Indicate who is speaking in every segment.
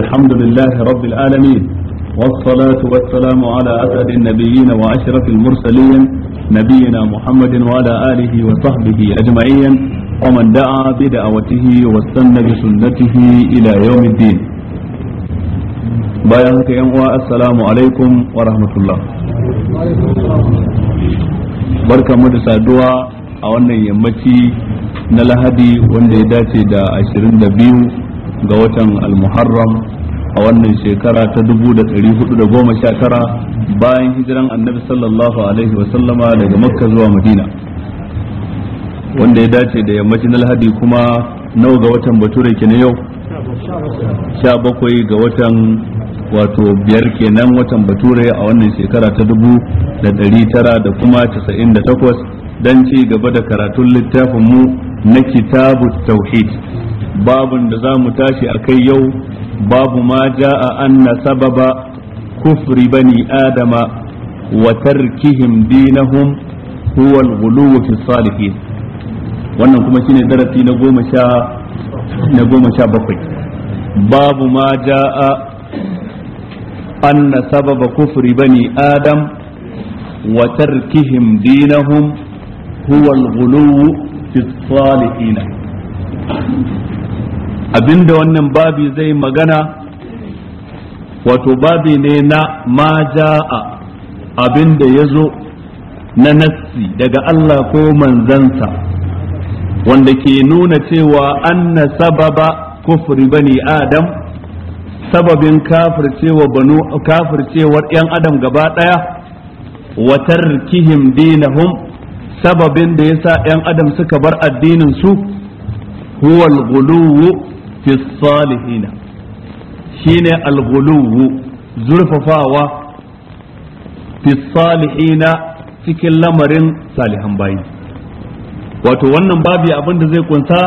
Speaker 1: الحمد لله رب العالمين والصلاة والسلام على أسعد النبيين وأشرف المرسلين نبينا محمد وعلى آله وصحبه أجمعين ومن دعا بدعوته واستنى بسنته إلى يوم الدين bayan haka yan uwa assalamu alaikum wa rahmatullah barka mu da saduwa a wannan yammaci na lahadi wanda ya dace da 22 ga watan al-muharram a wannan shekara ta 1419 bayan hijiran annabi sallallahu alaihi wasallama daga makka zuwa madina wanda ya dace da yammacin alhadi kuma nawa ga watan bature kenan yau sha bakwai ga watan wato biyar kenan watan bature a wannan shekara ta dubu da dari tara da kuma casa'in da takwas don ci gaba da karatun littafin mu na kitabu tauhid babun da za mu tashi a kai yau babu ma ja'a anna sababa kufri bani adama wa tarkihim dinahum huwa al-ghuluw fi salihin wannan kuma shine darasi na goma sha na goma sha bakwai babu ma ja'a anna sababa kufri bani adam wa tarkihim dinahum huwa al-ghuluw fi salihin abinda wannan babi zai magana wato babi ne na ma ja'a abinda ya zo na nassi daga Allah ko manzansa wanda ke nuna cewa anna sababa kufri bani adam sababin kafircewa banu kafircewar yan adam gaba daya wa tarkihim dinahum sababin da yasa yan adam suka bar addinin su huwa al fi salihina shine al-ghuluw zurfafawa fi salihina cikin lamarin salihan bayi wato wannan babu abin da zai kunsa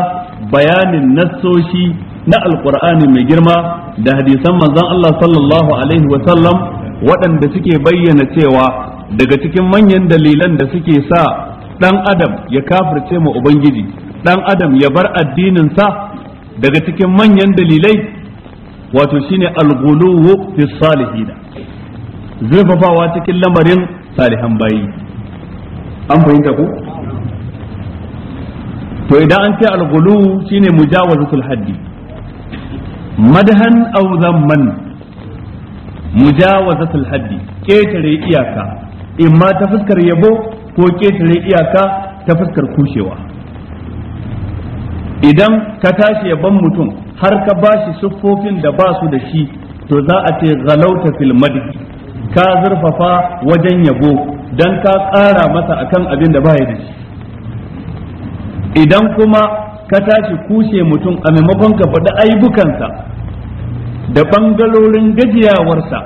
Speaker 1: bayanin nassoshi na Alƙur'ani mai girma da hadisan manzon Allah sallallahu alaihi wa sallam waɗanda suke bayyana cewa daga cikin manyan dalilan da suke sa dan adam ya kafirce ma ubangiji dan adam ya bar addinin sa daga cikin manyan dalilai wato shine al-ghuluwu fi salihina zurfafawa cikin lamarin salihan bayi an fahimta ku to idan an ce al-ghuluwu shine mujawazatul haddi madhan aw zamman mujawazatul haddi ketare iyaka imma ta fuskar yabo ko ketare iyaka ta fuskar kushewa idan ka tashi yaban mutum har ka ba shi siffofin da ba su da shi to za a ce galauta fil madhi ka zurfafa wajen yabo dan ka ƙara masa akan abin da ya da shi idan kuma ka tashi kushe mutum a maimakon ka faɗi aibukansa da ɓangarorin gajiyawarsa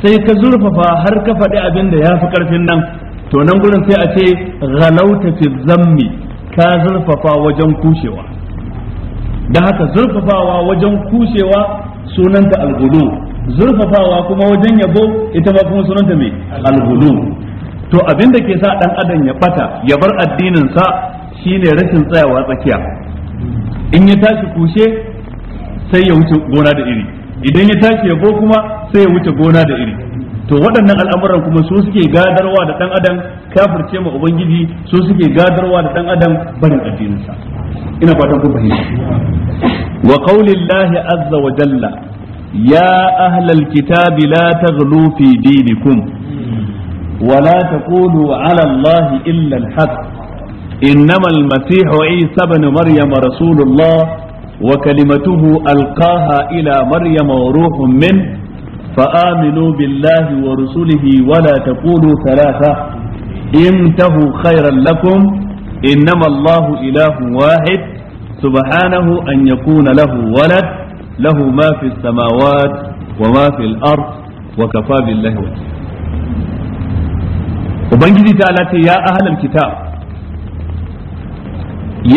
Speaker 1: sai ka zurfafa har ka faɗi abin da ya fi ƙarfin nan to nan gurin sai a ce galauta fil zammi ka zurfafa wajen kushewa da haka zurfafawa wajen kushewa sunanta algulu zurfafawa kuma wajen yabo ita ma kuma sunanta mai algulu to abin da ke sa dan adam ya bata ya bar addinin sa shine rashin tsayawa tsakiya in ya tashi kushe sai ya wuce gona da iri idan ya tashi yabo kuma sai ya wuce gona da iri to waɗannan al'amuran kuma su suke gadarwa da ɗan adam kafirce ma ubangiji su suke gadarwa da ɗan adam barin addininsa ina fatan kun fahimta wa qaulillahi azza wa jalla ya ahlal kitabi la taghlu fi dinikum wa la taqulu ala allahi illa al-haq إنما المسيح عيسى بن مريم رسول الله وكلمته ألقاها إلى مريم وروح منه فآمنوا بالله ورسله ولا تقولوا ثلاثة انتهوا خيرا لكم إنما الله إله واحد سبحانه أن يكون له ولد له ما في السماوات وما في الأرض وكفى بالله وبنجد تعالى يا أهل الكتاب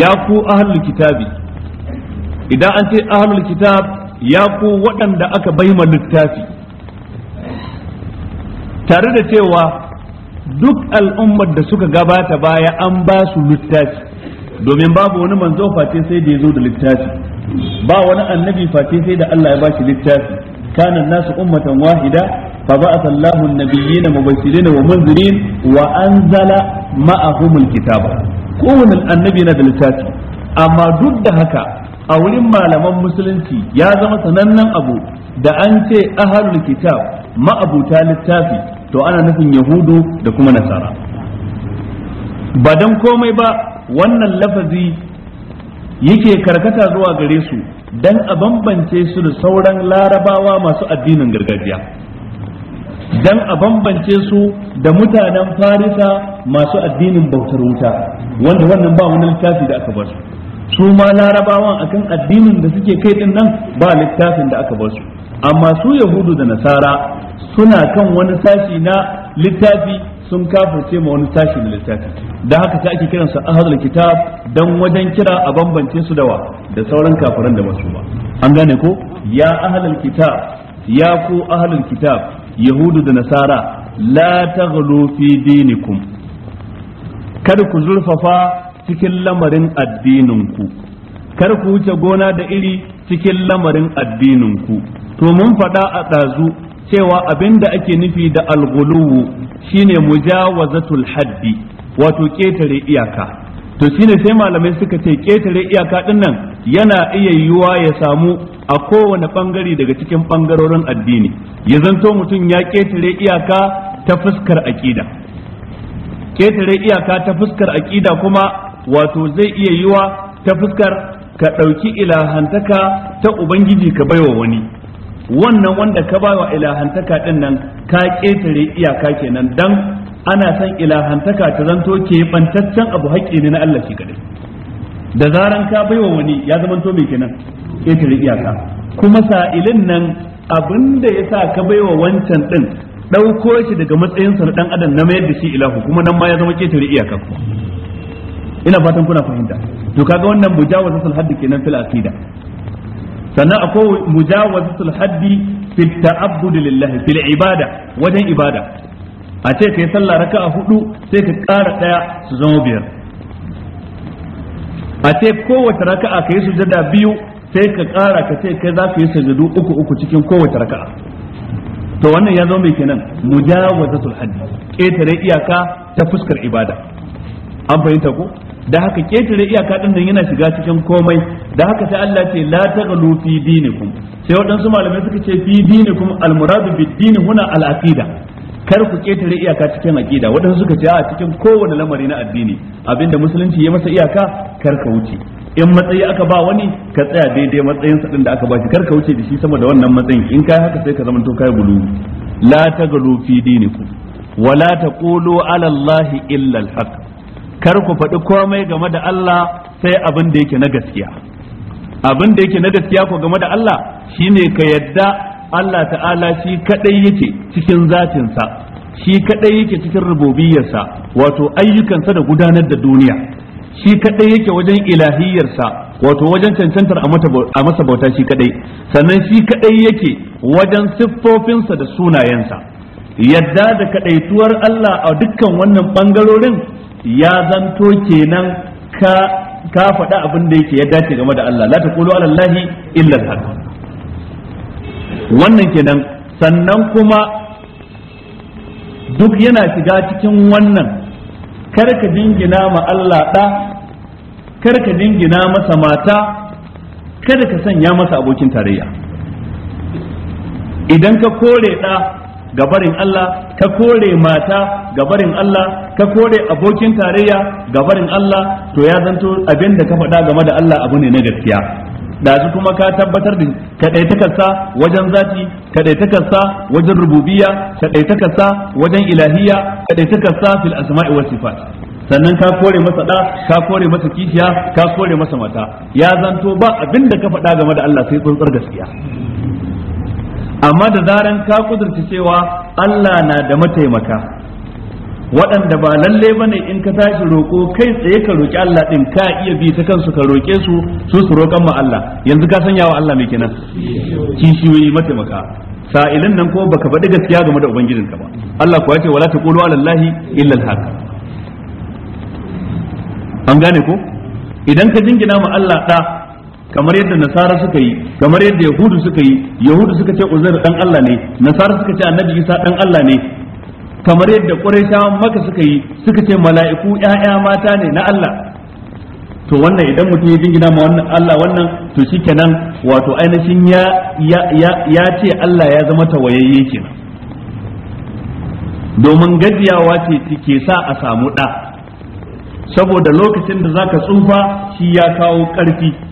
Speaker 1: يا كو أهل الكتاب إذا أنت أهل الكتاب ya ku waɗanda aka baima littafi tare da cewa duk al'ummar da suka gabata baya an ba su littafi domin babu wani manzo face sai da ya zo da littafi ba wani annabi face sai da Allah ya ba shi littafi kana nasu ummatan wahida fa ba'atha Allahu an-nabiyyina mubashirin wa munzirin wa anzala ma'ahum al-kitaba kowane annabi na da littafi amma duk da haka a wurin malaman musulunci ya zama sanannen abu da an ce ahlul kitab ma'abuta littafi to ana nufin yahudu da kuma nasara ba dan komai ba wannan lafazi yake karkata zuwa gare su dan a bambance su da sauran larabawa masu addinin gargajiya dan a bambance su da mutanen farisa masu addinin bautar wuta wanda wannan ba wani littafi da aka bar su su ma larabawan akan addinin da suke kai din ba littafin da aka bar su amma su yahudu da nasara suna kan wani sashi na littafi sun kafirce ma wani sashi na littafi da haka sai ake kiransu ahadul kitab dan wajen kira a bambance su da wa da sauran kafiran da masu ba an gane ko ya ahlul kitab ya ku ahlul kitab yahudu da nasara la taghlu fi dinikum kada ku zurfafa cikin lamarin addininku kar ku wuce gona da iri cikin lamarin addinin ku to mun faɗa a ɗazu cewa abin da ake nufi da alghuluwu shine mujawazatul haddi wato ƙetare iyaka to shine sai malamai suka ce ƙetare iyaka ɗin nan yana iya yiwuwa ya samu a kowane ɓangare daga cikin ɓangarorin addini ya zanto mutum ya ƙetare iyaka ta fuskar aƙida ƙetare iyaka ta fuskar aƙida kuma wato zai iya yiwa ta fuskar ka ɗauki ilahantaka ta ubangiji ka baiwa wani wannan wanda ka ba wa ilahantaka din nan ka ƙetare iyaka kenan dan ana son ilahantaka ta zanto ke bantaccen abu haƙƙi ne na Allah shi kadai da zaran ka baiwa wani ya zama to mai kenan ƙetare iyaka kuma sa'ilin nan abinda ya sa ka baiwa wancan din ɗauko shi daga matsayinsa na ɗan adam na mayar da shi ilahu kuma nan ma ya zama ƙetare iyaka kuma ina fatan kuna fahimta to kaga wannan mujawazatul haddi kenan fil aqida sannan akwai mujawazatul haddi fi ta'abbud lillahi fil ibada wajen ibada a ce kai sallah raka'a hudu sai ka ƙara daya su zama biyar a ce kowace raka'a kai sujada biyu sai ka ƙara ka ce kai za ka yi sujadu uku uku cikin kowace raka'a to wannan ya zama mai kenan mujawazatul sulhaddi, ƙetare iyaka ta fuskar ibada an fahimta ko da haka ketare iyaka din nan yana shiga cikin komai da haka sai Allah ce la taghlu fi dinikum sai waɗansu malamai suka ce fi dinikum almuradu bi dini huna al aqida kar ku ketare iyaka cikin aqida waɗansu suka ce a cikin kowane lamari na addini abinda musulunci ya masa iyaka kar ka wuce in matsayi aka ba wani ka tsaya daidai matsayin sa din da aka ba shi kar ka wuce da shi sama da wannan matsayin in kai haka sai ka zama to kai gulu la taghlu fi dinikum taqulu ala allahi illa al haqq kar ku faɗi komai game da Allah sai abin da yake na gaskiya abin da yake na gaskiya ku game da Allah shine ka yadda Allah ta'ala shi kadai yake cikin zatinsa shi kadai yake cikin rububiyarsa wato ayyukansa da gudanar da duniya shi kadai yake wajen ilahiyarsa wato wajen cancantar a masa bauta shi kadai sannan shi kadai yake wajen siffofinsa da sunayensa yadda da kadaituwar Allah a dukkan wannan bangarorin ya zanto kenan ka ka faɗa abin da yake ya dace game da Allah la taqulu ala allahi illa al wannan kenan sannan kuma duk yana shiga cikin wannan kar ka dingina ma Allah ɗa kar ka dingina masa mata kada ka sanya masa abokin tarayya idan ka kore ɗa gabarin Allah ta kore mata gabarin Allah ta kore abokin tarayya gabarin Allah to ya zanto abin da ka faɗa game da Allah abu ne na gaskiya dazu kuma ka tabbatar da kaɗaitakasa wajen zati kaɗaitakasa wajen rububiya kaɗaitakasa wajen ilahiya kaɗaitakasa fil asma'i sifat sannan ka kore masa ɗa ka kore masa kishiya ka kore masa mata ya zanto ba abin da ka faɗa game da Allah sai tsuntsar gaskiya amma da zaran ka kudurci cewa Allah na da mataimaka waɗanda ba lalle ba ne in ka tashi roƙo kai tsaye ka roƙi Allah ɗin ka iya bi ta kansu ka roƙe su su su roƙan ma Allah yanzu ka sanya wa Allah mai kenan kishiyoyi mataimaka sa'ilin nan ko baka faɗi gaskiya game da ubangijinka ba Allah kuwa ce wala taqulu ala Allahi illa al-haq an gane ko idan ka jingina ma Allah ɗa kamar yadda nasara suka yi kamar yadda yahudu suka yi yahudu suka ce uzair dan Allah ne nasara suka ce annabi isa dan Allah ne kamar yadda quraishawan maka suka yi suka ce mala'iku ƴaƴa mata ne na Allah to wannan idan mutum ya dingina ma wannan Allah wannan to shikenan wato ainihin ya ya ya ce Allah ya zama tawayayye kenan domin gajiyawa ce take sa a samu da saboda lokacin da zaka tsufa shi ya kawo ƙarfi.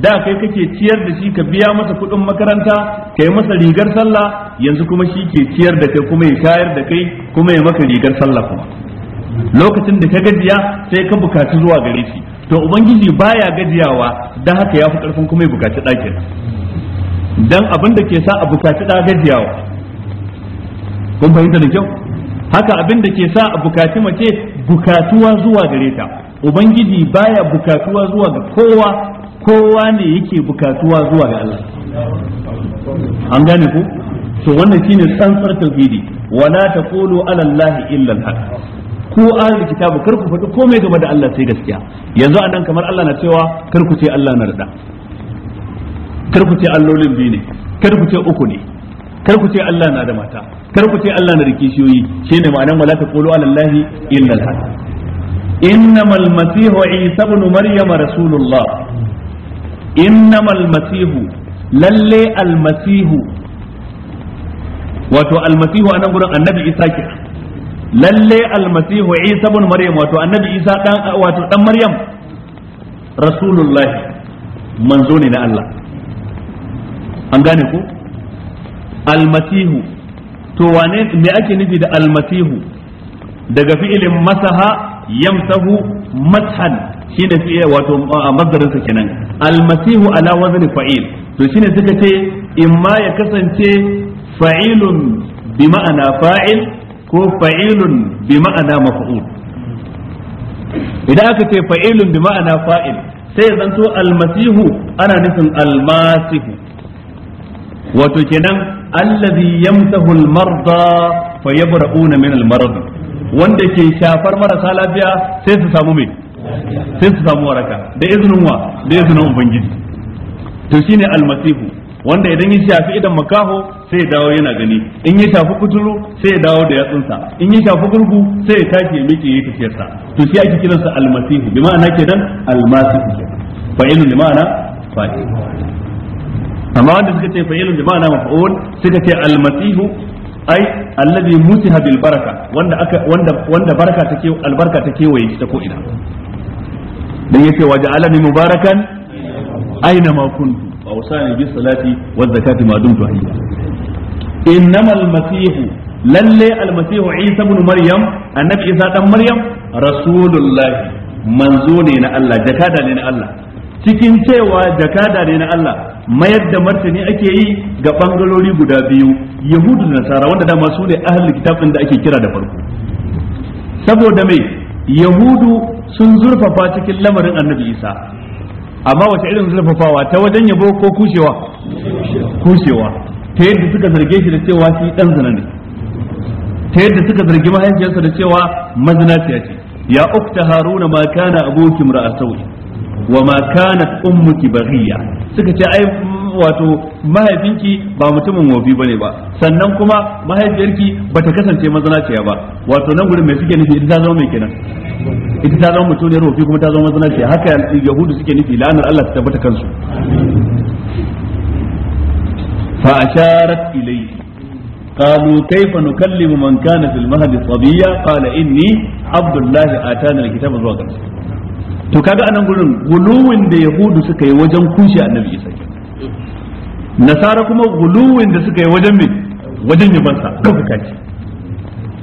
Speaker 1: da kai kake ciyar da shi ka biya masa kuɗin makaranta kai masa rigar sallah yanzu kuma shi ke ciyar da kai kuma ya shayar da kai kuma ya maka rigar sallah kuma lokacin da ka gajiya sai ka bukaci zuwa gare shi to ubangiji baya gajiyawa dan haka ya fi karfin kuma ya bukaci ɗakin dan abin da ke sa a bukaci ɗa gajiyawa kun fahimta da kyau haka abin da ke sa a bukaci mace bukatuwa zuwa gare ta ubangiji baya bukatuwa zuwa ga kowa kowa ne yake bukatuwa zuwa ga Allah an gane ku? to wannan shine tsantsar tauhidi wala taqulu ala Allah illa al-haq ku ahlul kitabu kar ku faɗi komai game da Allah sai gaskiya yanzu anan kamar Allah na cewa kar ku ce Allah na rada kar ku ce allolin biyu ne kar ku ce uku ne kar ku ce Allah na da mata kar ku ce Allah na da kishiyoyi shine ma'anar wala taqulu ala Allah illa al-haq innamal masihu isa ibn maryam rasulullah innamal masihu lalle almasihu wato almasihu a nan gurin annabi isa ke lalle almasihu isa bin maryam wato annabi isa wato dan maryam rasulullahi manzo ne na Allah an gane ku almasihu to wane me ake nufi da almasihu daga fi'ilin masaha yamsahu shi shine fiye wato mazdarin sa kenan almasihu ala wazni fa'il to shine suka ce imma ya kasance fa'ilun bi ma'ana fa'il ko fa'ilun bi ma'ana maf'ul idan aka ce fa'ilun bi ma'ana fa'il sai ya zanto almasihu ana nufin almasihu wato kenan allazi yamsahu almarda fa yabra'una min almarad wanda ke shafar marasa lafiya sai su samu mai sai su samu waraka da izinin wa da izinin ubangiji to shine almasihu wanda idan ya shafi idan makaho sai ya dawo yana gani in ya shafi kuturu sai ya dawo da yatsunsa in ya shafi gurgu sai ya tashi ya miƙe ya tafiyarsa to shi ake kiransa almasihu bi ma'ana kenan almasihu fa'ilun bi ma'ana fa'il amma wanda suka ce fa'ilun bi ma'ana maf'ul suka ce almasihu ai alladhi musiha bil baraka wanda aka wanda wanda baraka take albarka take waye ta ko ina dan yace mubarakan aina ma kuntu wa usani bis salati waz zakati ma dumtu hayya innamal masih lalle al masih isa ibn maryam annabi isa dan maryam rasulullah manzo ne na Allah jakada ne na Allah cikin cewa jakada ne na Allah mayar da martani ake yi ga bangalori guda biyu yahudu da nasara wanda dama su ne ahlul kitabin da ake kira da farko saboda mai yahudu sun zurfafa cikin lamarin annabi isa amma wace irin zurfafawa ta wajen yabo ko kushewa kushewa ta yadda suka zarge shi da cewa shi dan zina ne ta yadda suka zargi mahaifiyarsa da cewa mazinaciya ce ya ukta haruna ma kana abuki mra'a sawi wa ma kanat ummuki baghiya suka ce ai wato mahaifinki ba mutumin wofi bane ba sannan kuma mahaifiyarki bata kasance mazanaciya ba wato nan gurin mai suke nufi ita ta zama mai kenan ita ta zama mutuniyar wofi kuma ta zama mazanaciya haka yahudu suke nufi la'anar Allah ta tabbata kansu fa asharat ilayhi قالوا كيف نكلم من كان في المهد صبيا قال إني عبد الله آتانا الكتاب zuwa to kaga anan gurin guluwin da yahudu suka yi wajen kushe annabi isa nasara kuma guluwin da suka yi wajen mai wajen yabansa ɗaukaka ce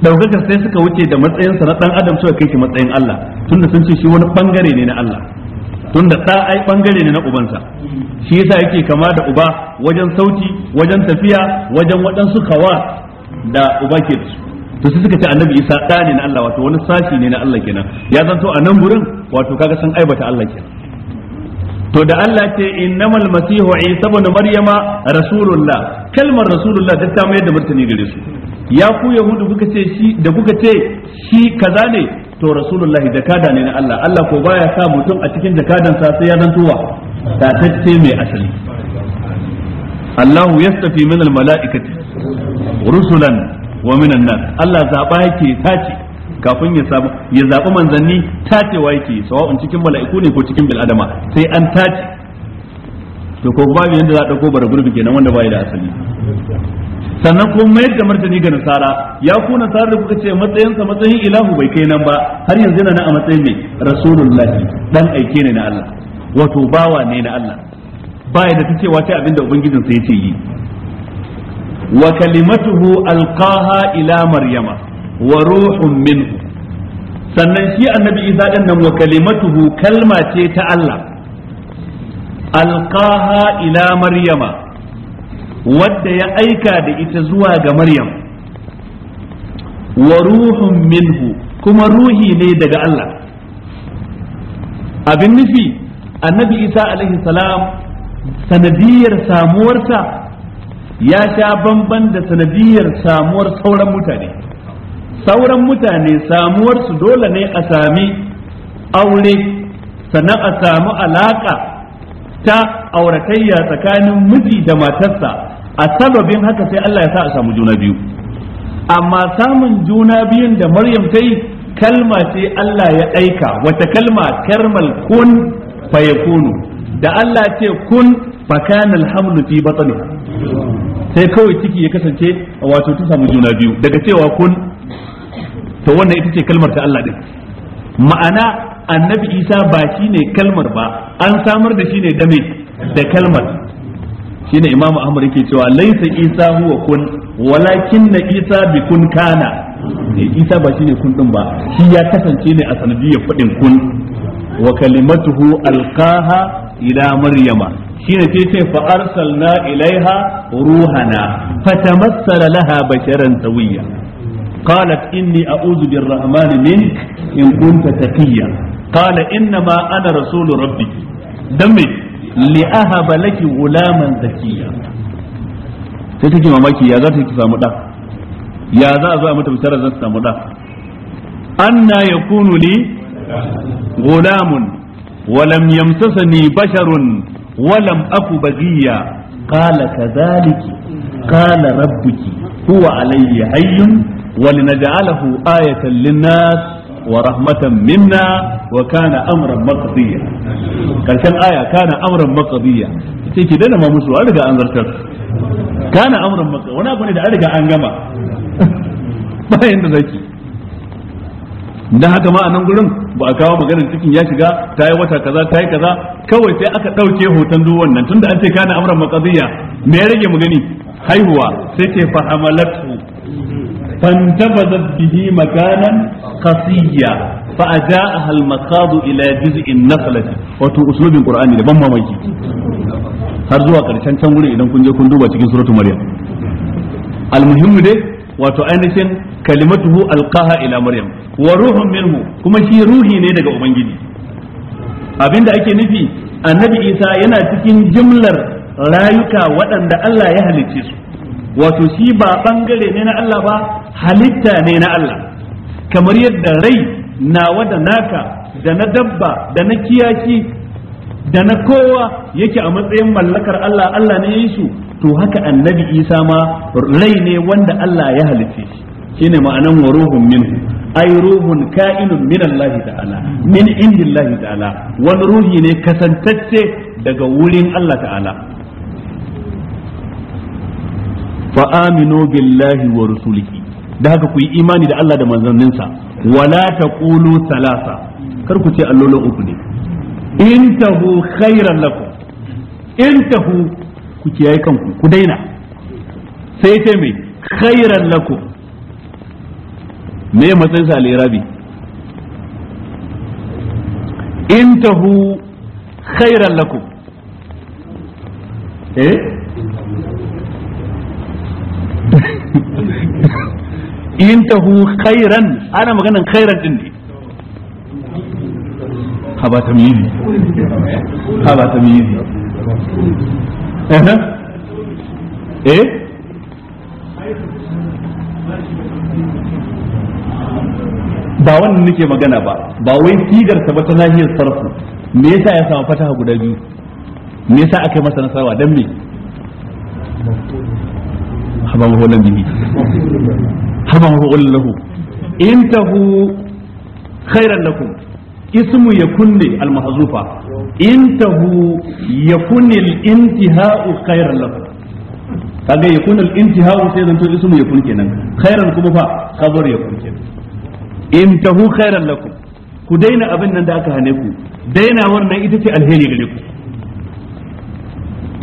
Speaker 1: ɗaukakar sai suka wuce da matsayinsa na ɗan adam suka kai shi matsayin Allah tunda sun ce shi wani ɓangare ne na Allah tunda ɗa ai ɓangare ne na ubansa shi yasa yake kama da uba wajen sauti wajen tafiya wajen waɗansu kawa da uba ke da su to sai suka ce annabi isa ɗa ne na Allah wato wani sashi ne na Allah kenan ya zanto a nan gurin wato kaga san aibata Allah kenan to da Allah ce innamal masihu isa ibn maryama rasulullah kalmar rasulullah ta ta mayar da martani gare su ya ku yahudu kuka ce shi da kuka ce shi kaza ne to rasulullahi jakada ne na Allah Allah ko baya sa mutum a cikin jakadansa sai ya ta tatacce mai asali Allahu yastafi min al mala'ikati rusulan wa minan nas Allah zaba yake tace kafin ya samu ya zaɓi manzanni tacewa yake sawa'un cikin mala'iku ne ko cikin bil'adama sai an tace to ko babu yanda za a ɗauko bara gurbi kenan wanda bai da asali sannan kuma mayar da martani ga nasara ya ku nasara da kuka ce matsayinsa matsayin ilahu bai kai nan ba har yanzu yana a matsayin mai rasulullahi dan aike ne na Allah wato bawa ne na Allah baya da tacewa wace abinda ubangijinsa ya ce yi wa kalimatuhu alqaha ila maryama wa ruhun minhu sannan shi annabi isa din nan wa kalimatuhu kalma ce ta Allah alqaha ila maryama wadda ya aika da ita zuwa ga maryam wa ruhun minhu kuma ruhi ne daga Allah abin nufi annabi isa alaihi salam sanadiyar samuwarsa ya sha bamban da sanadiyar samuwar sauran mutane sauran mutane samuwarsu dole ne a sami aure sannan a samu alaka ta auratayya tsakanin miji da matarsa a sababin haka sai Allah ya sa a samu juna biyu amma samun juna biyun da Maryam ta yi kalma ce Allah ya aika wata kalma karmal kun fayakunu da Allah ce kun fakana alhamlu fi batniha sai kawai ciki ya kasance wato ta samu juna biyu daga cewa kun to wannan ita ce kalmar ta Allah din ma'ana annabi isa ba shi ne kalmar ba an samar da shi ne da da kalmar ne imamu ahmad yake cewa laisa isa huwa kun walakin na isa bi kun kana eh, isa ba shi ne kun din ba shi ya kasance ne a sanadiyar fadin kun wa kalimatuhu alqaha ila maryama shine sai ce fa arsalna ilaiha ruhana fatamassala laha basharan sawiyya قالت إني أعوذ بالرحمن منك إن كنت تقيا قال إنما أنا رسول ربي دمي لأهب لك غلاما زكيا sai take mamaki ya za ta ki samu ɗa ya za a zo a mata bisharar samu ɗa anna ya kunu li gulamun walam yamsasani basharun walam aku Kala qala kadhaliki qala rabbuki hayyun ولنجعله آية للناس ورحمة منا وكان أمرا مقضيا كان آية كان أمرا مقضيا sai ki daina ma musu an riga an zartar kana amran maka wani abu ne da an riga an gama bayan da haka ma a nan gurin ba a kawo maganar cikin ya shiga ta yi wata kaza ta yi kaza kawai sai aka ɗauke hoton duk wannan tunda an ce kana amran maqdiya me ya rage mu gani haihuwa sai ce fa hamalatu فانتبذت به مكانا قصيا فأجاءها المخاض إلى جزء النخلة wato uslubin qur'ani da ban mamaki har zuwa karshen can gurin idan kun je kun duba cikin suratul maryam almuhimmu dai wato ainihin kalimatuhu alqaha ila maryam wa ruhun minhu kuma shi ruhi ne daga ubangiji abinda ake nufi annabi isa yana cikin jimlar rayuka waɗanda Allah ya halicce su wato shi ba bangare ne na Allah ba halitta ne na Allah kamar yadda rai nawa da naka da na dabba da na kiyaki da na kowa yake a matsayin mallakar Allah Allah ne yi su to haka annabi Isa ma rai ne wanda Allah ya halitta shi shine ma'anan wa ruhun minhu ai ruhun ka'inun min Allah ta'ala min indillahi ta'ala wani ruhi ne kasantacce daga wurin Allah ta'ala fa aminu billahi wa rusulihi da haka ku yi imani da Allah da manzanninsa wala taqulu salasa kar ku ce allolo uku ne intahu khairan lakum intahu ku kiyaye kanku ku daina sai ce mai khairan lakum me matsayin sa alirabi intahu khairan lakum eh hu khairan ana maganan khairan din ne haba ba haba tamyizi eh ba wannan nake magana ba ba wai ta ba ta nahiyar sarfu me yasa ya samu fataha guda biyu me yasa aka yi masa nasarwa dan me habamahu lan bihi habamahu lahu intahu khairan lakum ismu yakunni al mahzufa intahu yakuni al intihau khairan lakum kaga yakun al intihau sai zanto ismu yakun kenan khairan kuma fa khabar yakun kenan in tahu khairan lakum ku daina abin nan da aka hane ku daina wannan ita ce alheri gare ku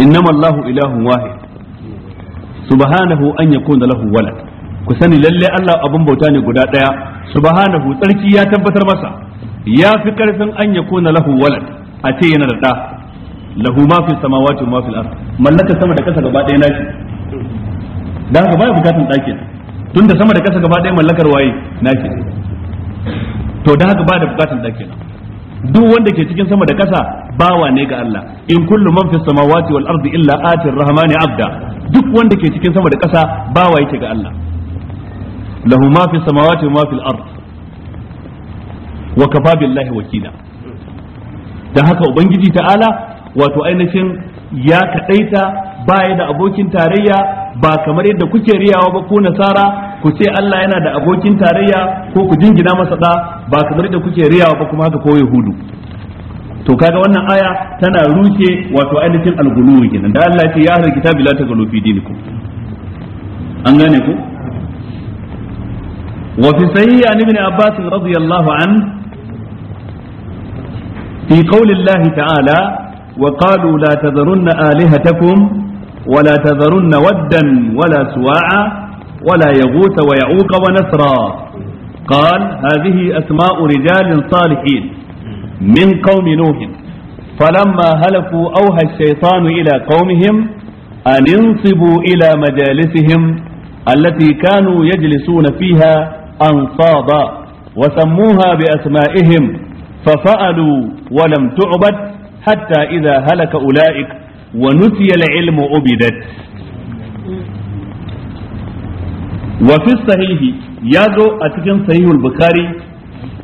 Speaker 1: innama allahu ilahun wahid subhanahu an yakuna lahu walad ku sani lalle Allah abun bauta ne guda daya subhanahu tsarki ya tabbatar masa ya fi karfin an yakuna lahu walad a ce yana da da lahu ma fi samawati wa ma fil ard mallaka sama da kasa gaba daya nashi dan haka ya bukatun dake tunda sama da kasa gaba daya mallakar waye nashi to dan haka baya da bukatun dake duk wanda ke cikin sama da kasa bawa ne ga Allah in kullu man fi samawati wal ardi illa atir rahmani abda duk wanda ke cikin sama da ƙasa ba bawa yake ga Allah lahu ma fi samawati wa ma fil ard wa kafa billahi wakila dan haka ubangiji ta'ala wato ainihin ya kadaita baya da abokin tarayya ba kamar yadda kuke riyawa ba ko nasara ku ce Allah yana da abokin tarayya ko ku jingina masa da ba kamar yadda kuke riyawa ba kuma haka ko yahudu to kaga wannan aya tana rushe wato ainihin al kenan da Allah ya ya ahlul kitabi la taghlu fi dinikum an gane ku wa fi sahih an ibn abbas radiyallahu an fi qawli Allah ta'ala wa qalu la tadharunna alihatakum wa wa la waddan la تذرن wa la سواعا wa يغوث wa nasra qal hadhihi asma'u rijalin salihin min qaumi nuhin falamma halaku auha ila qaumihim an insibu ila majalisihim allati kanu yajlisuna fiha Anfaba, wa sammuha bi asma'ihim ففعلوا ولم تعبد حتى إذا هلك أولئك ونسي العلم عبدت وفي الصحيح a أتكن صحيح البخاري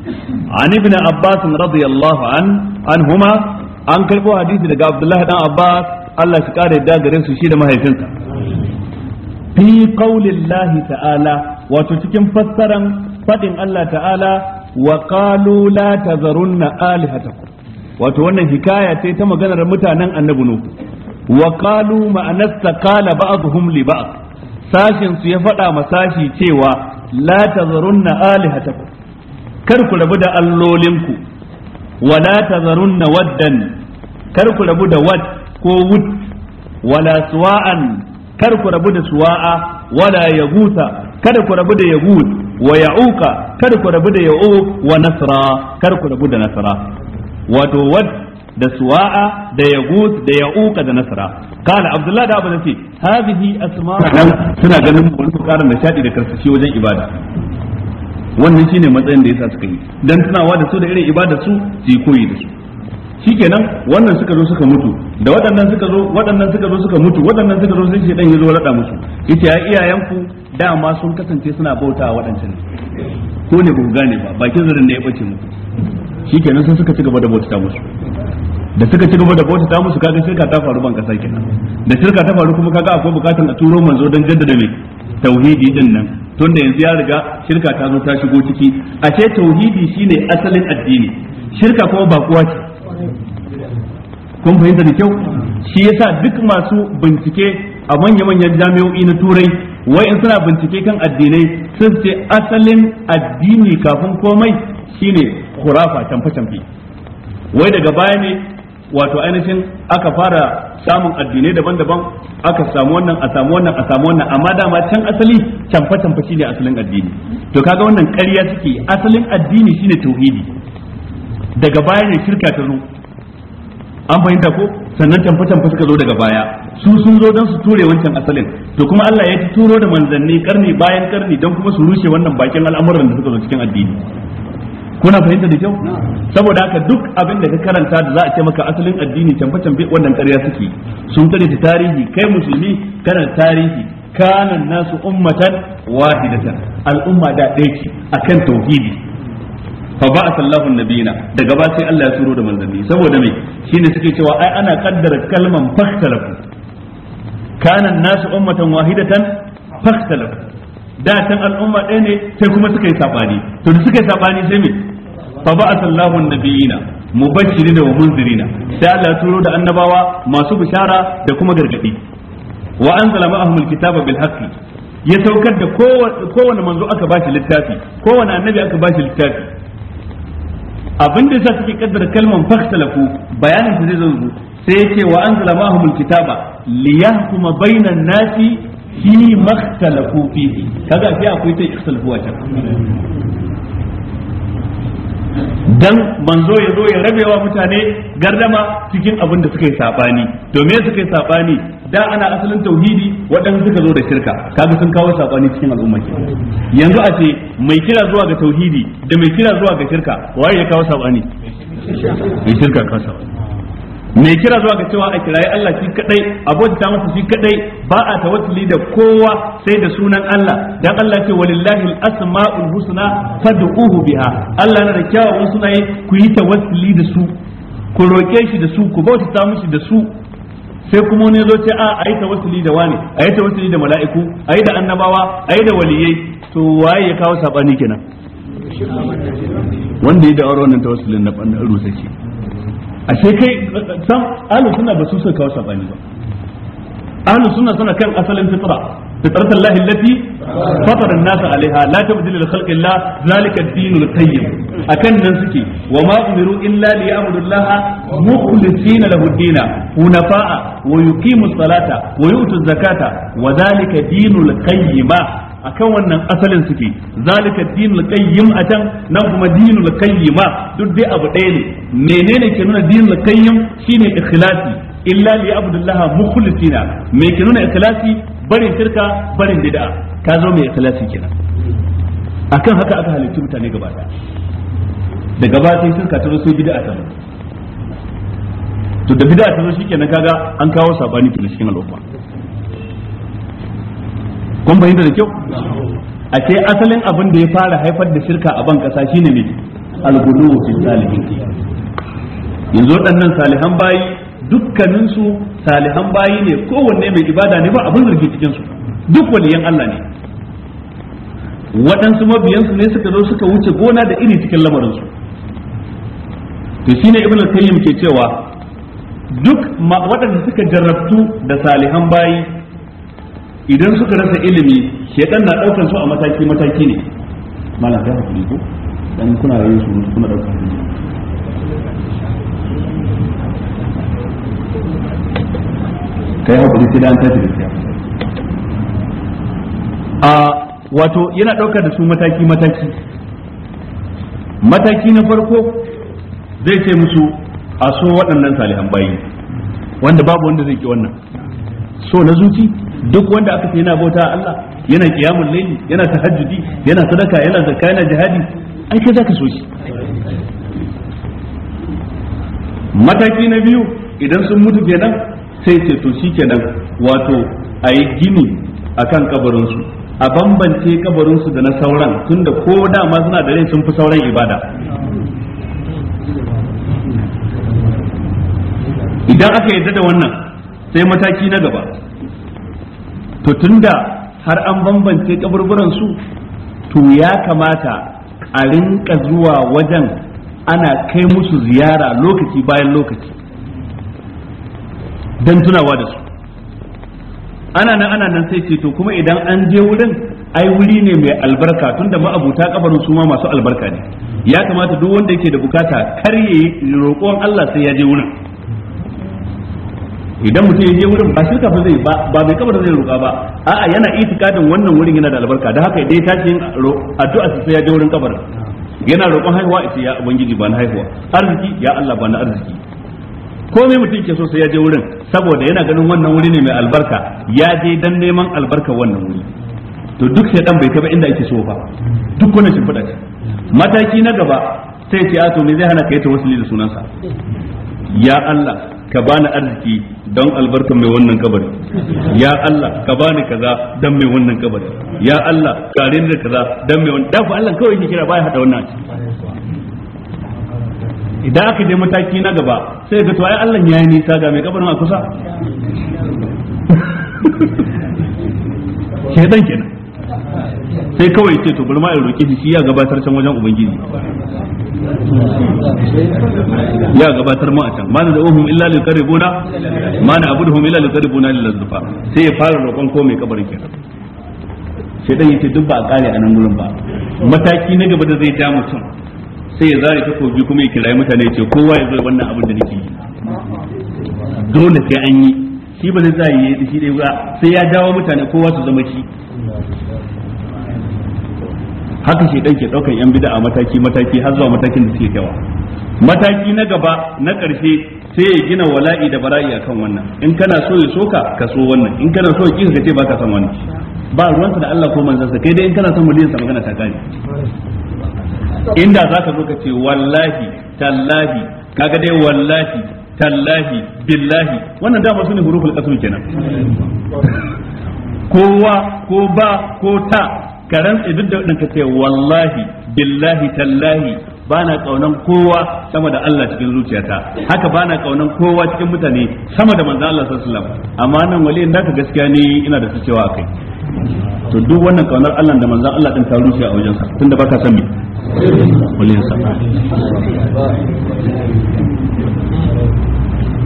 Speaker 1: an ibn abbas radiyallahu an anhuma an hadisi daga abdullahi dan abbas Allah shi kare da gare su shi da mahaifinsa fi qaulillahi ta'ala wato cikin fassaran fadin Allah ta'ala wa qalu la tazarunna alihatakum wato wannan hikaya ce ta maganar mutanen annabi nuhu wa qalu ma'anasta qala ba'dhum li ba'd sashin su ya faɗa ma sashi cewa la tazarunna alihatakum kar ku rabu da allolinku wala tazarunna waddan kar ku rabu da wad ko wud wala suwa'an kar ku rabu da suwa'a wala yaguta kar ku rabu da yagud wa ya'uka kar ku rabu da ya'uq wa nasra kar ku rabu da nasra wato wad da suwa'a da yagud da ya'uka da nasra kala abdullahi da abu nafi hadhihi Asma'u suna ganin wani karin nishadi da karsashi wajen ibada wannan shine matsayin da yasa suka yi dan tunawa da su da irin ibada su su yi koyi da su shikenan wannan suka zo suka mutu da waɗannan suka zo waɗannan suka zo suka mutu waɗannan suka zo sai shi dan yazo rada musu yace ya iyayenku dama sun kasance suna bauta waɗancan ko ne ba gane ba bakin zarin da ya bace muku shikenan sai suka ci gaba da bauta musu da suka ci gaba da bauta ta musu kaga shirka ta faru ban kasa kenan da shirka ta faru kuma kaga akwai bukatun a turo manzo don jaddada mai tauhidi din nan tun da yanzu ya riga shirka ta zo ta shigo ciki a ce tauhidi shine asalin addini shirka kuma ba kuwa ce kun fahimta da kyau shi yasa duk masu bincike a manya-manyan jami'o'i na turai wai in suna bincike kan addinai sun ce asalin addini kafin komai shine khurafa tamfe-tamfe wai daga baya ne wato ainihin aka fara samun addinai daban-daban aka samu wannan a samu wannan a samu wannan amma dama can asali canfa canfa shine asalin addini to kaga wannan ƙarya suke asalin addini shine tauhidi daga baya ne shirka ta zo an fahimta ko sannan canfa canfa suka zo daga baya su sun zo don su ture wancan asalin to kuma Allah ya turo da manzanni karni bayan karni don kuma su rushe wannan bakin al'amuran da suka zo cikin addini kuna fahimta da kyau saboda haka duk abin da ka karanta da za a ce maka asalin addini can canfe wannan ƙarya suke sun kare ta tarihi kai musulmi kana tarihi kana nasu ummatan wahidatan al'umma da ɗaya ce akan tauhidi fa ba sallahu Nabina. daga ba sai Allah ya turo da manzanni saboda me shine suke cewa ai ana kaddara kalman fahtalafu kana nasu ummatan wahidatan fahtalafu da can al'umma ɗaya ne sai kuma suka yi sabani to da suka yi sabani sai me fa ba'atha Allahu an-nabiyina mubashirina wa munzirina sai Allah ya turo da annabawa masu bishara da kuma gargadi wa anzala ma'ahum kitaba bil haqqi ya saukar da kowane manzo aka bashi littafi kowane annabi aka bashi littafi abin da yasa suke kaddara kalman fakhsalafu bayanin su zai zo sai yace wa anzala ma'ahum al-kitaba liyahkuma bainan nasi fi makhtalafu fihi kaga fi akwai ta ikhtilafu a can dan manzo ya zo ya rabewa mutane gardama cikin abin da suka yi sabani to me suka yi sabani da ana asalin tauhidi waɗanda suka zo da shirka kaga sun kawo sabani cikin al'umma yanzu a ce mai kira zuwa ga tauhidi da mai kira zuwa ga shirka waye ya kawo sabani mai shirka kawo sabani mai kira zuwa ga cewa a kirayi Allah shi kadai abota masa shi kadai ba a tawassuli da kowa sai da sunan Allah dan Allah ce walillahi al-asmaul husna fad'uhu biha Allah na da kyawawan sunaye ku yi tawassuli da su ku roke shi da su ku bauta ta mishi da su sai kuma wani zo ce a ayi tawassuli da wani ayi tawassuli da mala'iku ayi da annabawa ayi da waliyai to waye ya kawo sabani kenan wanda ya da'awar wannan tawassulin na rusa ce ashe kai san ahlus sunna ba su suka kawo sabani ba ahlus sunna suna kan asalin fitra fitrat Allah allati fatara an-nas alaiha la tabdila li khalqi Allah zalika ad-din al-qayyim akan nan suke wa ma umiru illa li ya'budu Allah mukhlisina lahu ad-din hunafa'a wa yuqimu as-salata wa yu'tu az-zakata wa zalika dinul qayyima akan wannan asalin suke zalika dinul qayyim a can nan kuma dinul qayyima duk dai abu ɗaya ne menene ke nuna dinul qayyim shine ikhlasi illa li abdullah mukhlisina me ke nuna ikhlasi barin shirka barin bid'a ka zo mai ikhlasi kenan akan haka aka halicci mutane gaba ɗaya da ba sai shirka ta zo sai bid'a ta to da bid'a ta zo shikenan kaga an kawo sabani cikin al'umma kun fahimta da kyau a ce asalin abin da ya fara haifar da shirka a ban kasa shine ne al-gulu salihin yanzu waɗannan salihan bayi dukkanin su salihan bayi ne kowanne mai ibada ne ba abin zargi cikin su duk waliyan Allah ne waɗansu mabiyansu ne suka zo suka wuce gona da iri cikin lamarinsu to shine ibn al-qayyim ke cewa duk waɗanda suka jarrabtu da salihan bayi idan suka rasa ilimi shedan na daukan su a mataki mataki ne malam ya hakuri ko dan kuna yin su kuna daukan su
Speaker 2: kai hakuri sai dan tafi gaskiya
Speaker 1: a wato yana dauka da su mataki mataki mataki na farko zai ce musu a so waɗannan salihan bayi wanda babu wanda zai ki wannan so na zuci duk wanda aka ce yana bauta Allah yana kiyamun laili yana tahajjudi yana sadaka yana zakka yana jihadi ai kai zaka so shi mataki na biyu idan sun mutu kenan sai ce to shikenan wato ayi gini a kan kabarinsu a bambance kabarinsu da na sauran tunda ko dama suna da rai sun fi sauran ibada idan aka yarda da wannan sai mataki na gaba to tunda har an bambance kaburburan su to ya kamata a rinka zuwa wajen ana kai musu ziyara lokaci bayan lokaci don tunawa da su ana nan ana nan sai ce to kuma idan an je wurin ai wuri ne mai albarka tunda ma'abuta kabarin su ma masu albarka ne ya kamata duk wanda yake da bukata kar yayi roƙon Allah sai ya je wurin idan mutum ya je wurin ba shirka ba zai ba ba bai kabar zai roƙa ba a'a yana itikadin wannan wurin yana da albarka da haka dai tashi addu'a sai ya je wurin kabarin yana roƙon haihuwa ita ya ubangiji ba na haihuwa arziki ya Allah ba na arziki komai mutum ke so sai ya je wurin saboda yana ganin wannan wuri ne mai albarka ya je dan neman albarka wannan wuri to duk sai dan bai kai ba inda ake so ba duk wannan fada ce mataki na gaba sai ce a to me zai hana ka yi tawassuli da sunansa ya Allah ka bani arziki don albarkar mai wannan kabari ya Allah ka bani kaza don mai wannan kabari ya Allah kare ni da kaza don mai wannan dafa Allah kawai yake kira baya hada wannan
Speaker 2: idan aka je mataki na gaba sai ga to ai
Speaker 1: Allah ya yi nisa ga mai kabarin a kusa shedan kenan sai kawai ce to bari ma in roke shi ya gabatar can wajen ubangiji ya gabatar mu a can ma da uhum illa li qaribuna ma na abuduhum illa li qaribuna lil lazfa sai ya fara roƙon ko mai kabarin kenan sai dan yace duk ba a kare anan gurin ba mataki na gaba da zai ja mutum sai ya zare takobi kuma ya kirayi mutane ce kowa ya zo wannan abin da nake yi dole sai an yi shi ba zai zai yi da shi dai ba sai ya dawo mutane kowa su zama shi haka shi dan ke yan bid'a mataki mataki har zuwa matakin da suke kaiwa mataki na gaba na ƙarshe sai ya gina wala'i da bara'i akan wannan in kana so ya soka ka so wannan in kana so ya ka ce baka san wannan ba ruwansa da Allah ko manzansa kai dai in kana son sa magana ta kare inda zaka zo ka ce wallahi tallahi kaga dai wallahi tallahi billahi wannan dama sune huruful qasr kenan kowa ko ba ko ta ka rantsi duk da wadin ce wallahi billahi tallahi bana kaunan kowa sama da Allah cikin zuciyata haka bana kaunan kowa cikin mutane sama da manzo Allah sallallahu alaihi wasallam amma nan waliyin da ka gaskiya ne ina da su cewa akai to duk wannan kaunar Allah da manzon Allah din ta rushe a sa tunda baka san me sa.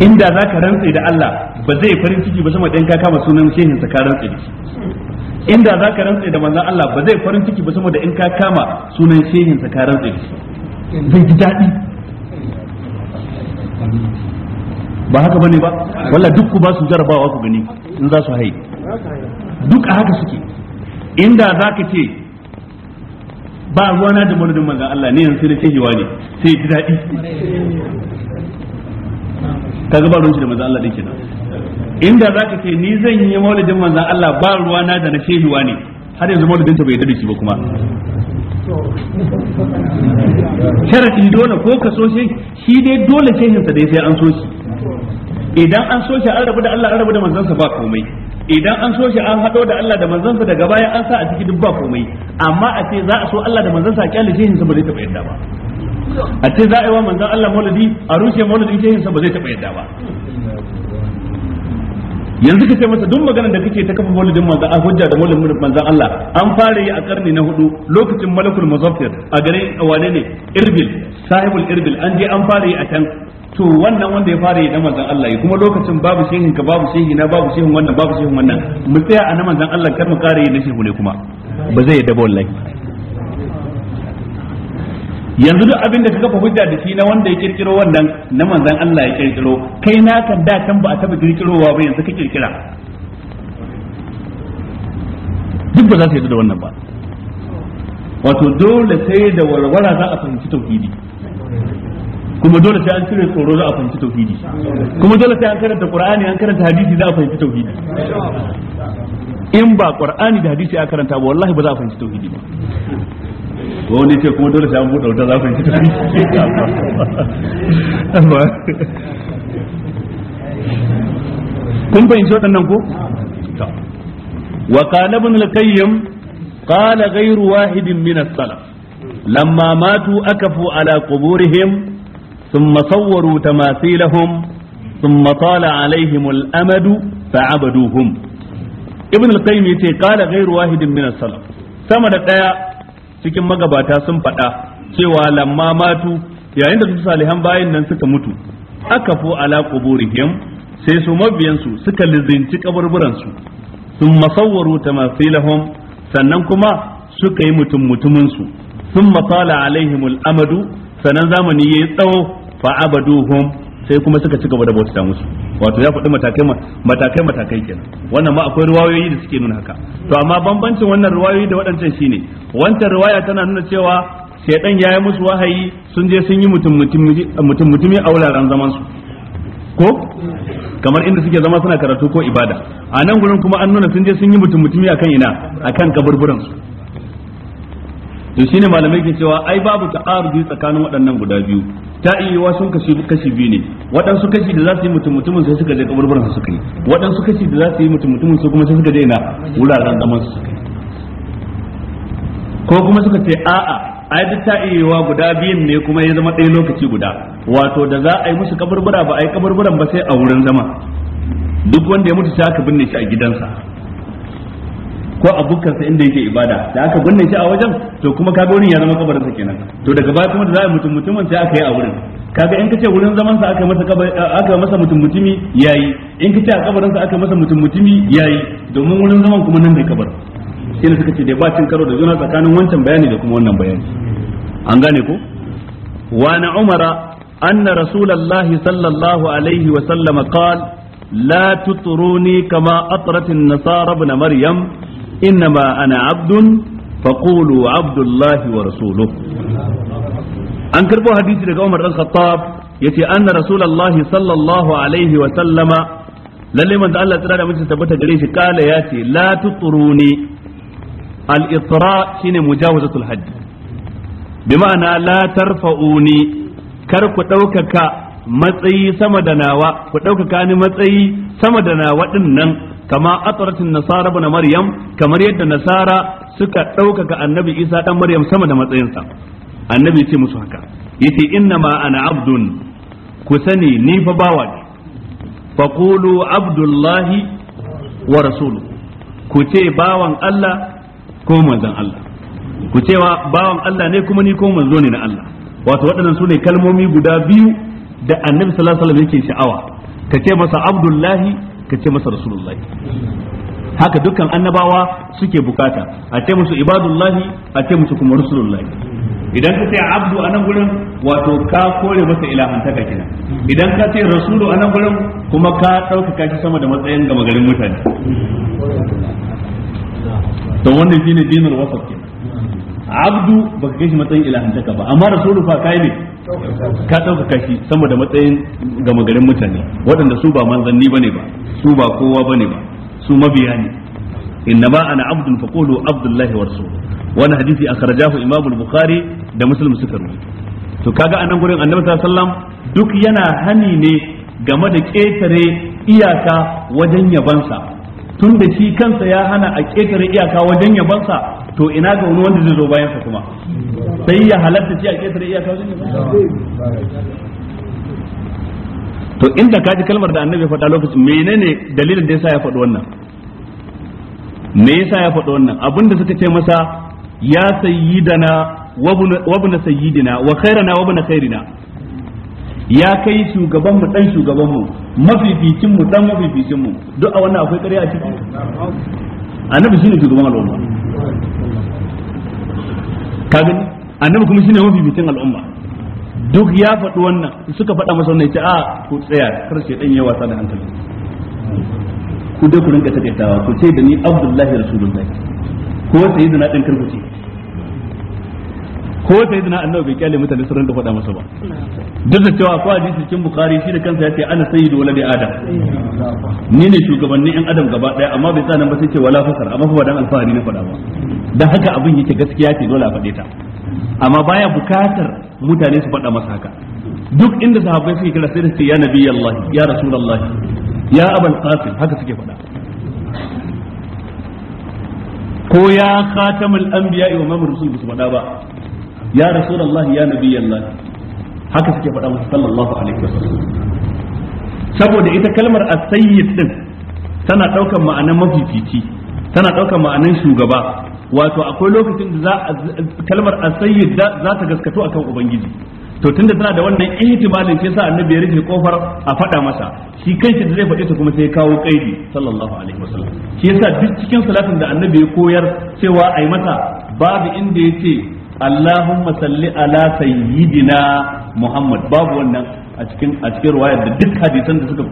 Speaker 1: inda zaka rantsi da Allah ba zai farin ciki ba sama in ka kama sunan shehin sa ka rantsi da
Speaker 2: shi
Speaker 1: inda za ka rantsa da manzan Allah ba zai farin ciki ba da in ka kama sunan shehin sa ka rantsa da shi zai ji daɗi ba haka bane ba wallahi duk ku ba su jarabawa ku gani in za su hai duk a haka suke inda za ka ce ba ruwana da manudin manzon Allah ne yanzu sai da ne sai ji daɗi kaga ba ruwan shi da manzon Allah ɗin kenan inda za ka ce ni zan yi maulidin manzan Allah ba ruwa na da na shehuwa ne har yanzu maulidin ta bai yarda shi ba kuma sharafi dole ko ka so shi shi dai dole shehinsa dai sai an so shi idan an so shi an rabu da Allah an rabu da manzansa ba komai idan an so shi an haɗo da Allah da manzansa daga baya an sa a cikin duk ba komai amma a ce za a so Allah da manzansa a kyale shehinsa ba zai taba yadda ba a ce za a yi wa manzan Allah maulidi a rushe maulidin shehinsa ba zai taba yadda ba yanzu ka ce masa duk maganar da kake ta kafa maulidin manzan a hujja da maulidin manzan Allah an fara yi a karni na hudu lokacin malakul muzaffir a garin wane ne irbil sahibul irbil an je an fara yi a can to wannan wanda ya fara yi na manzan Allah kuma lokacin babu shehin ka babu shehi na babu shehin wannan babu shehin wannan mu tsaya a na manzan Allah kar mu kare yi na shehu ne kuma ba zai yadda ba wallahi yanzu duk abin da ka kafa hujja da shi na wanda ya kirkiro wannan na manzan Allah ya kirkiro kai na kan da kan ba a taba kirkirowa ba yanzu ka kirkira duk ba za su yi da wannan ba wato dole sai da warwara za a fahimci tauhidi kuma dole sai an cire tsoro za a fahimci tauhidi kuma dole sai an karanta qur'ani an karanta hadisi za a fahimci tauhidi in ba qur'ani da hadisi a karanta ba wallahi ba za a fahimci tauhidi ba to wani ce kuma dole sai an buɗe wuta za ku yi kun fahimci waɗannan ko wa qala ibn al-qayyim qala ghayru wahidin min as-salaf lamma matu akafu ala quburihim ثم صوروا تماثيلهم ثم طال عليهم Ibn Al-Qayyim القيم يتي قال غير واحد من السلف sama da ɗaya cikin magabata sun faɗa cewa lamma matu yayin da su salihan bayan nan suka mutu aka fo ala quburihim sai su mabiyansu suka lizinci kaburburansu sun masawwaru tamathilahum sannan kuma suka yi mutum mutuminsu sun masala alaihimul amadu sannan zamani yayi tsawo fa abaduhum sai kuma suka ci gaba da bauta musu wato ya faɗi matakai matakai matakai kenan wannan ma akwai ruwayoyi da suke nuna haka to amma bambancin wannan ruwayoyi da waɗancan shine wancan ruwaya tana nuna cewa shedan ya yi musu wahayi sun je sun yi mutum mutumi a wuraren zaman su ko kamar inda suke zama suna karatu ko ibada a nan gurin kuma an nuna sun je sun yi mutum mutumi akan ina akan kaburburan su to shine malamai ke cewa ai babu ta'arudi tsakanin waɗannan guda biyu ta iya sun kashi kashi biyu ne waɗansu kashi da za su yi mutum mutumin sai suka je kaburburan su suka yi waɗansu kashi da za su yi mutum mutumin su kuma sai suka je na wuraren zaman su suka yi ko kuma suka ce a'a ai duk ta iya guda biyun ne kuma ya zama ɗaya lokaci guda wato da za a yi musu kaburbura ba a yi kaburburan ba sai a wurin zama duk wanda ya mutu sai aka binne shi a gidansa ko a bukkansa inda yake ibada da aka binne shi a wajen to kuma kaga wurin ya zama sa kenan to daga baya kuma da za a mutum mutumin sai aka yi a wurin kaga in kace wurin zaman sa aka masa aka masa mutum mutumi yayi in kace a kabarin sa aka masa mutum mutumi yayi domin wurin zaman kuma nan ne kabar shi ne suka ce da ba cin karo da juna tsakanin wancan bayani da kuma wannan bayani an gane ko wa na umara anna rasulullahi sallallahu alaihi wa sallama qala لا kama كما أطرت nasara ibn Maryam. innama ana abdun faqulu abdullahi wa rasuluhu an karbo hadisi daga Umar dan Khattab yace anna rasulullahi sallallahu alaihi wa sallama lalle manzo Allah tsara da mutum tabbata gare shi kala ya ce la tuturuni al itra shine mujawazatul hajj bi ma'ana la tarfa'uni kar ku ɗaukaka matsayi sama da nawa ku daukaka ni matsayi sama da nawa ɗinnan. kama ataratin nasara bana maryam kamar yadda nasara suka ɗaukaka annabi isa ɗan maryam sama da matsayinsa annabi ce musu haka yace inna ma ana abdun ku sani ni fa bawa ne faqulu abdullahi wa rasulu ku ce bawan Allah ko manzon Allah ku cewa bawan Allah ne kuma ni ko manzo ne na Allah wato waɗannan su ne kalmomi guda biyu da annabi sallallahu alaihi wasallam yake sha'awa ka ce masa abdullahi ka ce masa rasulullahi haka dukkan annabawa suke bukata a ce musu ibadullahi a ce musu kuma rasulullahi idan ka ce abdu a nan gurin wato ka kore masa ilahantaka kenan idan ka ce rasulu a nan gurin kuma ka ɗaukaka shi sama da matsayin gama garin mutane to wannan shine dinar wasaf ke abdu baka kai shi matsayin ilahantaka ba amma rasulu fa kai ne ka ɗaukaka shi sama da matsayin gama garin mutane waɗanda su ba manzanni ne ba su ba kowa ba ne ba su mabiya ne Inna ba ana abdul faqulu abdullahi wa rasul wani hadisi akhrajahu imam al-bukhari da muslim suka rubuta to kaga anan gurin annabi sallallahu alaihi wasallam duk yana hani ne game da ƙetare iyaka wajen yabansa tun da shi kansa ya hana a ƙetare iyaka wajen yabansa to ina ga wani wanda zai zo bayan sa kuma sai ya halatta shi a ƙetare iyaka wajen to inda kaji kalmar da annabi faɗa lokacin menene dalilin da yasa ya faɗi wannan me yasa ya faɗi wannan da suka ce masa ya sayyidana wa ibn sayyidina wa khairana wa ibn khairina ya kai shugaban mu dan shugaban mu mafificin mu dan mafificin mu duk a wannan akwai ƙarya a ciki annabi shine shugaban al'umma ka gani annabi kuma shine mafificin al'umma duk ya faɗi wannan suka faɗa masa wannan ce a ku tsaya kar sai dan yawa da hankali ku da ku rinka tawa ku ce da ni abdullahi rasulullahi ko sai da na ɗan ko sai dana annabi bai kyale mutane su da faɗa masa ba duk da cewa ko hadisi cikin bukhari shi da kansa ya ce ana sayyidu waladi adam ni ne shugabanni yan adam gaba daya amma bai sanan ba sai ce wala fasar amma fa dan alfahari na faɗa ba dan haka abin yake gaskiya ce dole a faɗe ta amma baya bukatar mutane su faɗa masa haka duk inda sahabbai suke kira sai da ya nabi Allah ya rasulullah ya abul qasim haka suke faɗa ko ya khatamul anbiya'i wa mamur rusul ba faɗa ba ya rasulullahi ya nabiyallahi haka suke faɗa masa sallallahu alaihi wasallam saboda ita kalmar as-sayyid din tana ɗaukar ma'anar mafifici tana ɗaukar ma'anar shugaba wato akwai lokacin da za kalmar as-sayyid za ta gaskato akan ubangiji to tunda tana da wannan ihtimalin sai sa annabi ya rufe kofar a faɗa masa shi kanshi da zai faɗi ta kuma sai kawo kaidi sallallahu alaihi wasallam shi yasa duk cikin salatin da annabi ya koyar cewa ai mata babu inda yace Allahumma salli ala sayyidina Muhammad babu wannan a cikin a cikin riwayar da duk hadisan da suka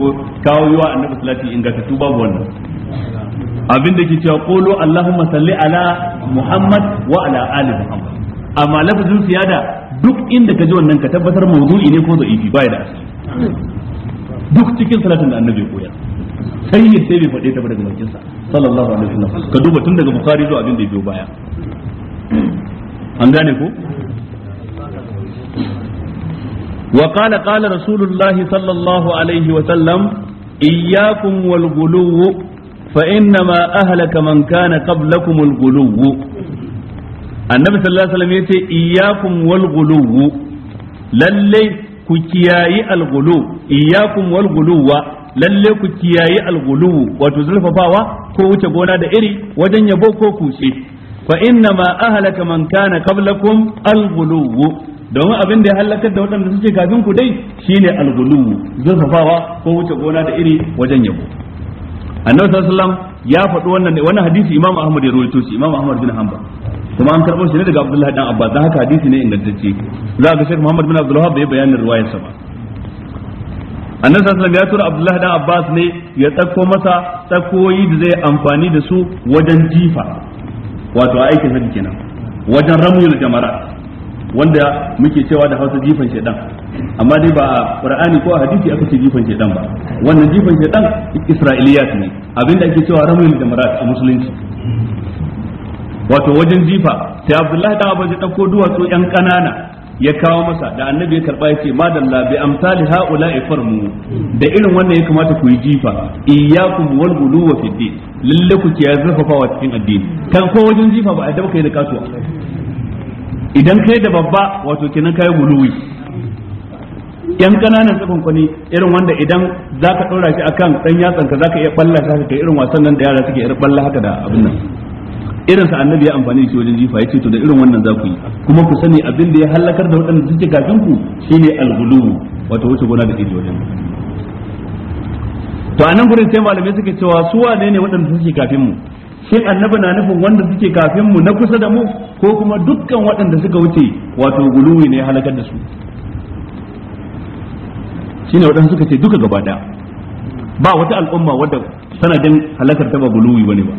Speaker 1: kawo yawa annabi sallallahu alaihi babu wannan abin da ke cewa qulu Allahumma salli ala Muhammad wa ala ali Muhammad amma lafazin siyada duk inda ka ji wannan ka tabbatar mawdu'i ne ko da'ifi bai da
Speaker 2: asali
Speaker 1: duk cikin salatin da annabi koya sai ne sai bai faɗe ta ba daga bakinsa sallallahu alaihi wasallam ka duba tun daga bukhari zuwa abin da ya biyo baya an gane ku wa qala qala rasulullahi sallallahu alaihi wa sallam iyyakum wal ghuluw fa innama ahlaka man kana qablakum al ghuluw annabi sallallahu alaihi wasallam yace iyyakum wal ghuluw lalle ku kiyayi algulu iyakun walguluwa wal lalle ku kiyayi al wato zulfafawa ko wuce gona da iri wajen yabo ko kutse. fa inna ma ahlaka man kana qablakum al-ghuluw domin abin da ya halakar da waɗanda suke kafin ku dai shine al-ghuluw zurfafawa ko wuce gona da iri wajen yabo annabi sallallahu ya faɗi wannan ne wannan hadisi imamu ahmad ya rawaito shi imamu ahmad bin hanbal kuma an karɓo shi daga abdullahi dan abbas dan haka hadisi ne za ga shek muhammad bin abdullah bai bayanin ba annabi sallallahu alaihi ya tura abdullahi dan abbas ne ya tsakko masa tsakoyi da zai amfani da su wajen jifa wato a aikin hajji kenan wajen ramyul jama'a wanda muke cewa da hausa jifan shedan amma dai ba a qur'ani ko a hadisi aka ce jifan shedan ba wannan jifan shedan isra'iliyat ne abinda ake cewa ramyul jama'a a musulunci wato wajen jifa sai abdullahi dan abu ya dauko duwatsu yan kanana ya kawo masa da annabi ya karba ya ce madalla bi amsali haula farmu da irin wannan ya kamata ku yi jifa iyyakum wal wa fi din lalle ku kiyaye wa cikin addini kan ko wajen jifa ba a da kai da kasuwa idan kai da babba wato kenan kai guluwi yan kananan tsakon kwani irin wanda idan zaka dora shi akan dan yatsanka zaka iya balla ka irin wasan nan da yara suke irin balla haka da abin nan irin sa annabi ya amfani da shi wajen jifa yace to da irin wannan za ku yi kuma ku sani abin da ya halakar da waɗanda suke kafin ku shine al-ghulu wato wuce gona da iri wajen to anan gurin sai malamai suke cewa su wane ne waɗanda suke kafin mu shin annabi na nufin wanda suke kafin mu na kusa da mu ko kuma dukkan waɗanda suka wuce wato guluwi ne halakar da su shine waɗanda suka ce duka gaba ɗaya ba wata al'umma wadda sanadin halakar ta ba guluwi bane ba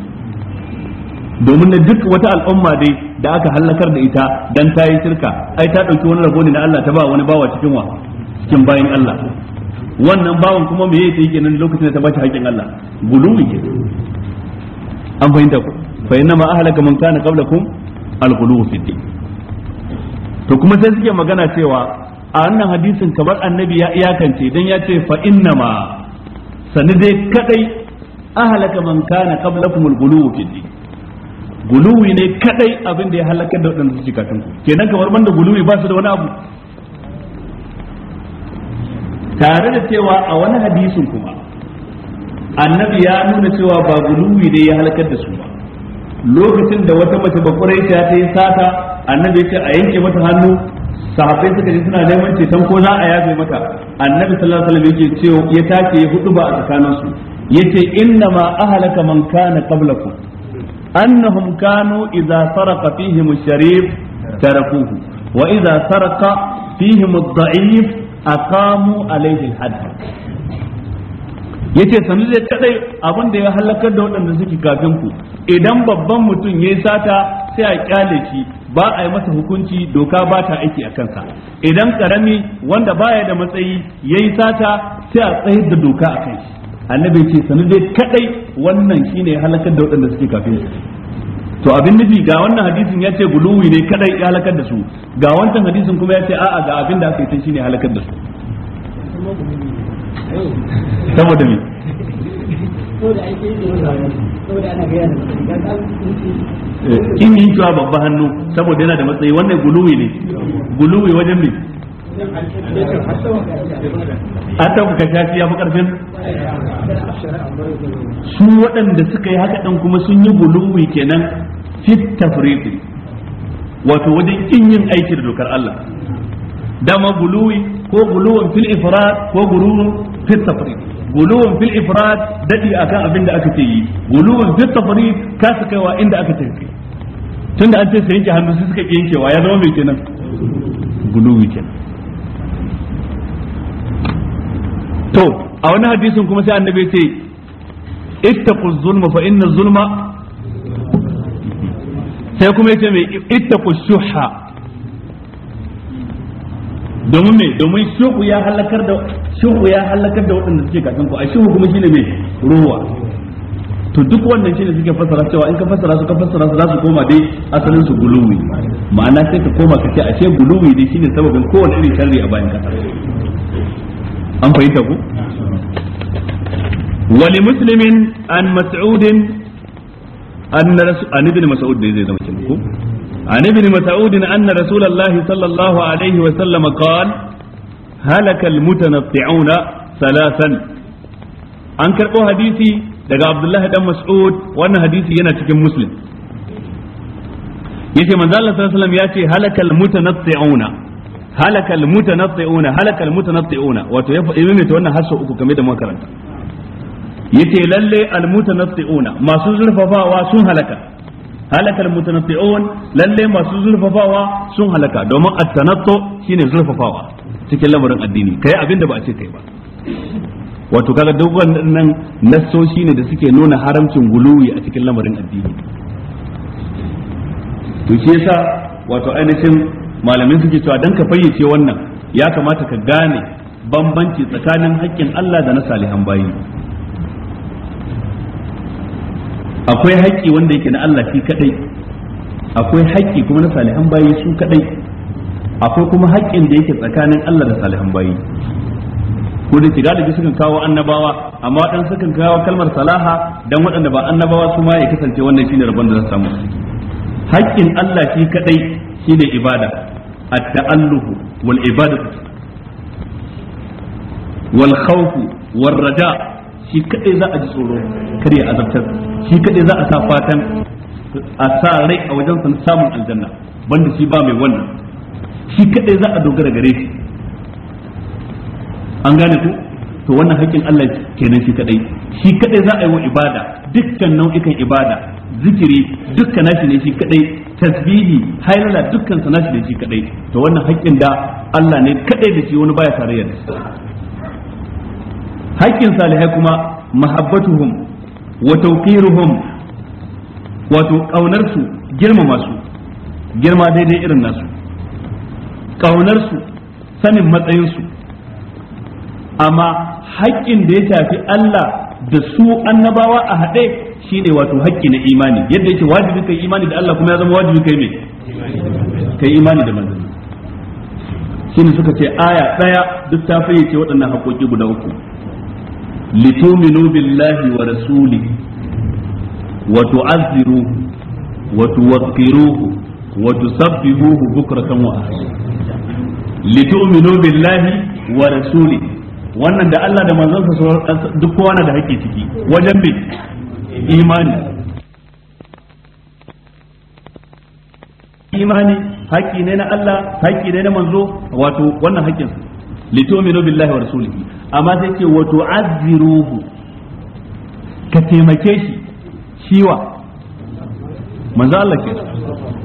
Speaker 1: domin na duk wata al'umma dai da aka halakar da ita dan ta yi shirka ai ta ɗauki wani rago ne na Allah ta ba wani bawa cikin wa cikin bayin Allah wannan bawan kuma me yake yake nan lokacin da ta bashi hakkin Allah guluwi ke an fahimta ku fa inna ma ahlaka man kana qablakum al-ghuluw fi din to kuma sai suke magana cewa a wannan hadisin kamar annabi ya iyakance dan ya ce fa inna ma sani dai kadai ahlaka man kana qablakum al-ghuluw fi din guluwi ne kadai abin da ya halakar da waɗanda suke kafin ku kenan kamar banda guluwi ba su da wani abu tare da cewa a wani hadisin kuma annabi ya nuna cewa ba guluwi ne ya halakar da su ba lokacin da wata mace bakurai ta ta yi sata annabi ya ce a yanke mata hannu sahabbai suka ji suna neman ceton ko za a yafe mata annabi sallallahu alaihi wasallam yake cewa ya take ya hudu ba a tsakaninsu yace inna ma ahlaka man kana qablakum annahum kanu idza saraqa fihim ash tarakuhu wa idza saraqa fihim ad-da'if aqamu alayhi al-hadd yace sanu zai kadai abin da ya halakar da waɗanda suke kafin ku idan babban mutum yayi sata sai a kyale shi ba a yi masa hukunci doka ba ta aiki a kansa idan karami wanda baya da matsayi yayi sata sai a tsayar da doka a kai annabi ce sanu dai kadai wannan shine ya halakar da waɗanda suke kafin su to abin nufi ga wannan hadisin ya ce guluwi ne kadai ya halakar da su ga wancan hadisin kuma ya ce a'a ga abin da aka yi shine shine halakar da su saboda me eh, in yi cewa babba hannu saboda yana da matsayi wannan guluwi ne guluwi wajen me a tabbata shafi ya fi karfin su waɗanda suka yi haka ɗan kuma sun yi gulumbi kenan fit tafriqi wato wajen kin yin aiki da dokar Allah dama guluwi ko guluwan fil ifrad ko guluwan fit tafriq guluwan fil ifrad dadi akan abin da aka ce yi guluwan fit tafriq ka su kaiwa inda aka ce tunda an ce sai yanke hannu sai suka yankewa ya zama mai kenan guluwi kenan to a wani hadisin kuma sai annabi ce ittaqu zulma fa inna zulma sai kuma yace mai ittaqu shuha domin me domin shuhu ya halakar da shuhu ya halakar da wadanda suke kafin ku a shuhu kuma shine mai ruwa to duk wannan shine suke fassara cewa in ka fassara su ka fassara su za su koma dai asalin su guluwi ma'ana sai ka koma ka ce ashe guluwi dai shine sababin kowanne irin sharri a bayan kasa an fahimta ku wali muslimin an mas'udin an an ibn mas'ud ne zai zama kin ku an ibn mas'ud anna rasulullahi sallallahu alaihi wa sallam qala halaka almutanatti'una salasan an karbo hadisi daga abdullahi dan mas'ud wannan hadisi yana cikin muslim yace manzo Allah sallallahu alaihi wasallam yace halakal mutanatti'una halakal mutanatti'una halakal mutanatti'una wato ya faɗi ta wannan har uku kamar da makaranta. karanta yace lalle al mutanatti'una masu zurfafawa sun halaka halakal mutanatti'un lalle masu zurfafawa sun halaka domin at-tanattu shine zurfafawa cikin lamarin addini kai abin da ba a ce kai ba wato kaga duk wannan nassoshi ne da suke nuna haramcin guluwi a cikin lamarin addini to shi yasa wato ainihin Malamin suke cewa dan ka fayyace wannan ya kamata ka gane bambanci tsakanin haƙƙin Allah da na salihan bayi akwai haƙƙi wanda yake na Allah shi kadai akwai haƙƙi kuma na salihan bayi su kadai akwai kuma haƙƙin da yake tsakanin Allah da salihan bayi ko da galibi sukan kawo annabawa amma wadan sukan kawo kalmar salaha dan waɗanda ba annabawa su ma ya kasance wannan shine rabon da za samu haƙƙin Allah shi kadai shine ibada at-ta'alluhu wal ibadatu wal khawfu war raja' shi kadai za a ji tsoro kare azabtar shi kadai za a sa fatan a sa rai a wajen san samun aljanna banda shi ba mai wannan shi kadai za a dogara gare shi an gane ku to wannan hakkin Allah kenan shi kadai shi kadai za a yi wa ibada dukkan nau'ikan ibada zikiri dukkan nashi ne shi kadai tasbihi hailala dukkan sa nashi ne shi kadai to wannan hakkin da Allah ne kadai da shi wani baya tarayya da shi hakkin salihai kuma mahabbatuhum wa tawqiruhum wato kaunar su girmama su girma daidai irin nasu kaunar su sanin matsayin su amma haƙƙin da ya shafi Allah da su annabawa a haɗe shi ne wato haƙƙi na imani yadda yake wajibi kai imani da Allah kuma ya zama wajibi kai me kai imani da shi ne suka ce aya ɗaya duk ta ce waɗannan haƙoƙi guda uku lituminu billahi wa rasuli wa tu'azziruhu wa tuwaqqiruhu wa tusabbihuhu bukratan wa asila lituminu billahi wa rasuli wannan da Allah da manzansa duk kowa na da hake ciki wajen bi imani imani haƙƙi ne na Allah haƙƙi ne na manzo wato wannan li tu'minu billahi wa rasulihi amma sai ce wato azziruhu ka taimake shi shiwa manzo Allah ke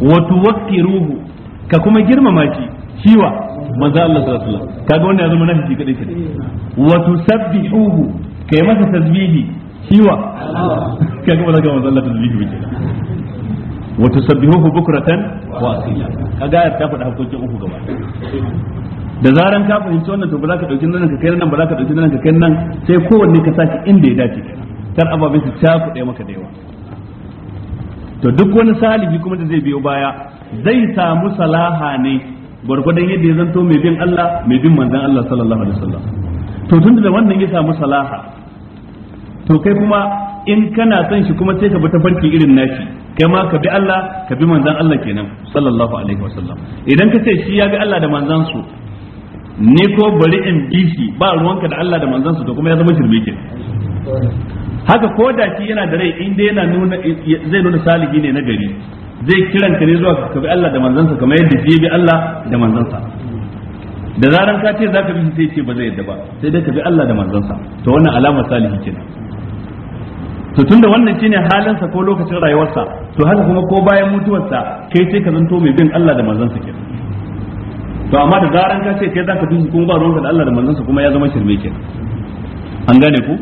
Speaker 1: wa waqiruhu ka kuma girmama shi shiwa manzo Allah sallallahu alaihi wasallam kaga wannan ya zama nafi kadai kadai wa tusabbihuhu kai masa tasbihi shiwa kaga ba za ka manzo Allah tasbihi ba wa tusabbihuhu bukratan wa asila kaga ya ta faɗa hakokin uku gaba da zaran ka fahimci wannan to ba za ka dauki nan ka kai nan ba za ka dauki nan ka kai nan sai kowanne ka saki inda ya dace kar ababe su tafi ɗaya maka da yawa to duk wani salihi kuma da zai biyo baya zai samu salaha ne gwargwadon yadda ya zanto mai bin Allah mai bin Manzan Allah sallallahu alaihi wasallam to tun da wannan ya samu salaha to kai kuma in kana son shi kuma sai ka bi ta farki irin nashi kai ma ka bi Allah ka bi manzan Allah kenan sallallahu alaihi wasallam idan ka ce shi ya bi Allah da Manzansu, su ni ko bari in bi shi ba ruwanka da Allah da Manzansu su to kuma ya zama shirme ke haka ko da shi yana da rai inda yana nuna zai nuna salihi ne na gari zai kiranta ne zuwa ka bi Allah da manzansa kamar yadda shi bi Allah da manzansa da zaran ka ce zaka bi sai ce ba zai yadda ba sai dai ka bi Allah da manzansa to wannan alama salihi kenan to tunda wannan shine halinsa ko lokacin rayuwarsa to haka kuma ko bayan mutuwarsa kai sai ka zanto mai bin Allah da manzansa kenan to amma da zaran ka ce kai zaka bi kuma ba ruwanka da Allah da manzansa kuma ya zama shirme kenan an gane ku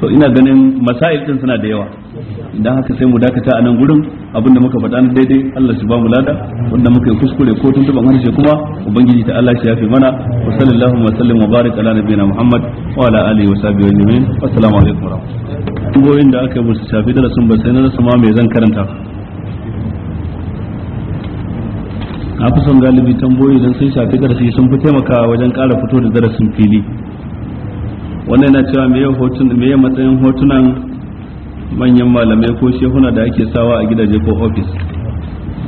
Speaker 1: to ina ganin masail din suna da yawa idan haka sai mu dakata a nan gurin abinda muka faɗa na daidai Allah shi ba mu lada wanda muka yi kuskure ko tuban harshe kuma ubangiji ta Allah shi fi mana wa sallallahu wa sallam wa barik ala nabiyina Muhammad wa ala alihi wa sahbihi ajma'in assalamu alaikum wa
Speaker 2: rahmatullahi
Speaker 1: da aka yi musu shafi da rasun ba sai na rasu ma me zan karanta na fi son galibi tamboyi don sun shafi darasi sun fi taimakawa wajen ƙara fito da darasin fili wannan yana cewa me ya matsayin hotunan manyan malamai ko shehuna da ake sawa a gidaje ko ofis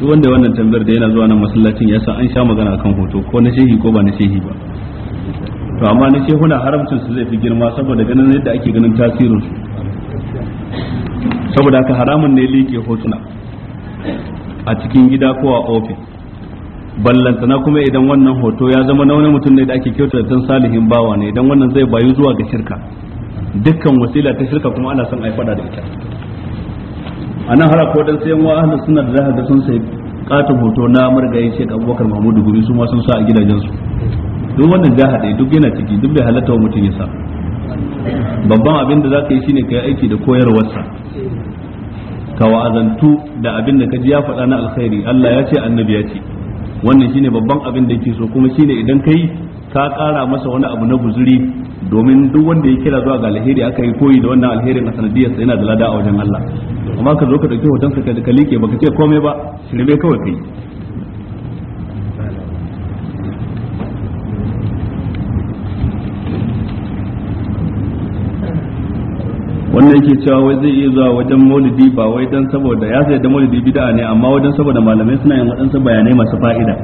Speaker 1: duk wanda wannan tambayar da yana zuwa nan masallacin ya san an sha magana akan hoto ko na shehi ko ba na shehi ba to amma na shehuna haramcin su zai fi girma saboda ganin yadda ake ganin tasirin su saboda haka haramun ne liƙe hotuna a cikin gida ko a ofis ballantana kuma idan wannan hoto ya zama na wani mutum ne da ake kyauta da salihin bawa ne idan wannan zai bayu zuwa ga shirka dukkan wasila ta shirka kuma ana son a fada da ita a nan har ko dan sayan wa ahlus sunna da zaka sun sai katon hoto na murgaye Sheikh Abubakar Mahmud Gumi su ma sun sa a gidajen su duk wannan jahade duk yana ciki duk da halatta wa mutum ya sa babban abin da ka yi shine kai aiki da koyarwarsa ka wa'azantu da abin da ka ji ya faɗa na alkhairi Allah ya ce annabi ya ce wannan shine babban abin da yake so kuma shine idan kai ka kara masa wani abu na guzuri domin duk wanda ya kira zuwa ga alheri aka yi koyi da wannan alherin a sanadiyar sa yana da lada a wajen Allah amma ka zo ka dauki hoton ka ka like baka ce komai ba shirme kawai kai wannan yake cewa wai zai iya zuwa wajen maulidi ba wai dan saboda ya sai da maulidi bid'a ne amma wajen saboda malamai suna yin waɗansu bayanai masu fa'ida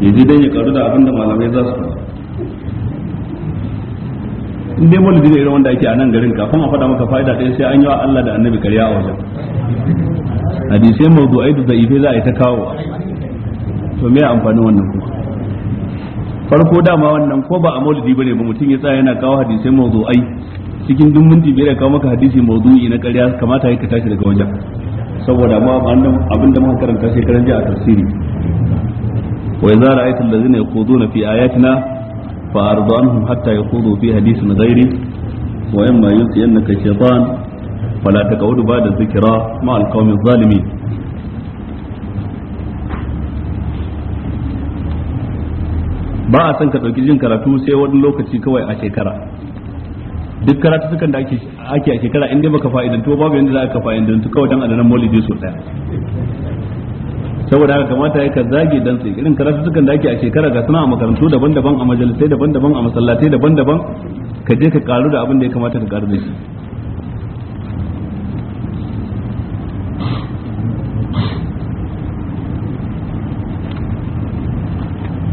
Speaker 1: ya ji dan ya karu da abin da malamai za su faɗa in dai maulidi ne irin wanda ake a nan garin kafin a faɗa maka fa'ida ɗaya sai an yi wa Allah da annabi karya a wajen hadisai mawdu'ai da za'ife za a yi ta kawo to me amfanin wannan kuma farko dama wannan ko ba a maulidi bane ba mutum ya tsaya yana kawo hadisai mawdu'ai cikin duk minti biyar kawo maka hadisi mawdu'i na ƙarya kamata ya ka tashi daga wajen saboda ma abin da muka karanta shekaran jiya a tafsiri wa idza ra'aita allazina yakhuduna fi ayatina fa ardu anhum hatta yakhudu fi hadithin ghairi wa imma yunsiyannaka shaytan fala taqud ba'da dhikra ma alqawmi zalimin ba a son ka ɗauki jin karatu sai wani lokaci kawai a shekara duk karatu sukan da ake a shekara in dai baka fa'idan to babu yanda za ka fa'idan to kawai dan adanan maulidi so daya saboda haka kamata ya ka zage dan sai irin karatu sukan da ake a shekara ga suna a makarantu daban-daban a majalisai daban-daban a masallatai daban-daban ka je ka karu da abin da ya kamata ka karu da shi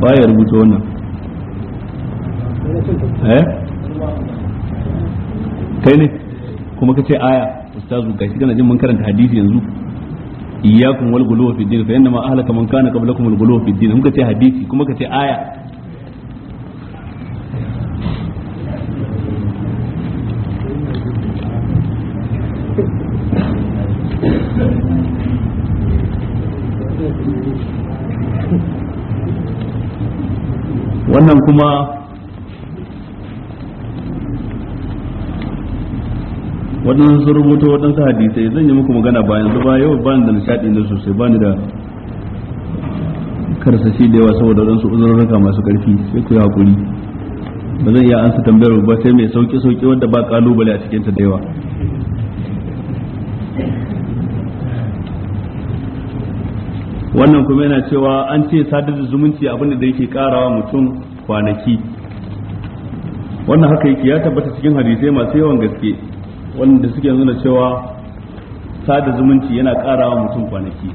Speaker 1: baya rubuta wannan
Speaker 2: eh kai
Speaker 1: ne kuma ka ce aya ustazu shi kana jin mun karanta hadisi yanzu iyyakum wal ghuluw fi din fa inna ma ahlaka man kana qablakum al ghuluw fi din kuma kace ce hadisi kuma ka ce aya wannan kuma Waɗannan sun rubuta waɗansu hadisai zan yi muku magana bayan zuba yau ba da nishaɗi na sosai ba ni da karsashi da yawa saboda waɗansu uzurruka masu ƙarfi sai ku yi haƙuri ba zan iya ansa tambayar ba sai mai sauƙi sauƙi wadda ba ƙalubale a cikinta da yawa wannan kuma yana cewa an ce sadar da zumunci abin da yake karawa mutum kwanaki wannan haka yake ya tabbata cikin hadisai masu yawan gaske wanda suke nuna cewa sada zumunci yana karawa mutum kwanaki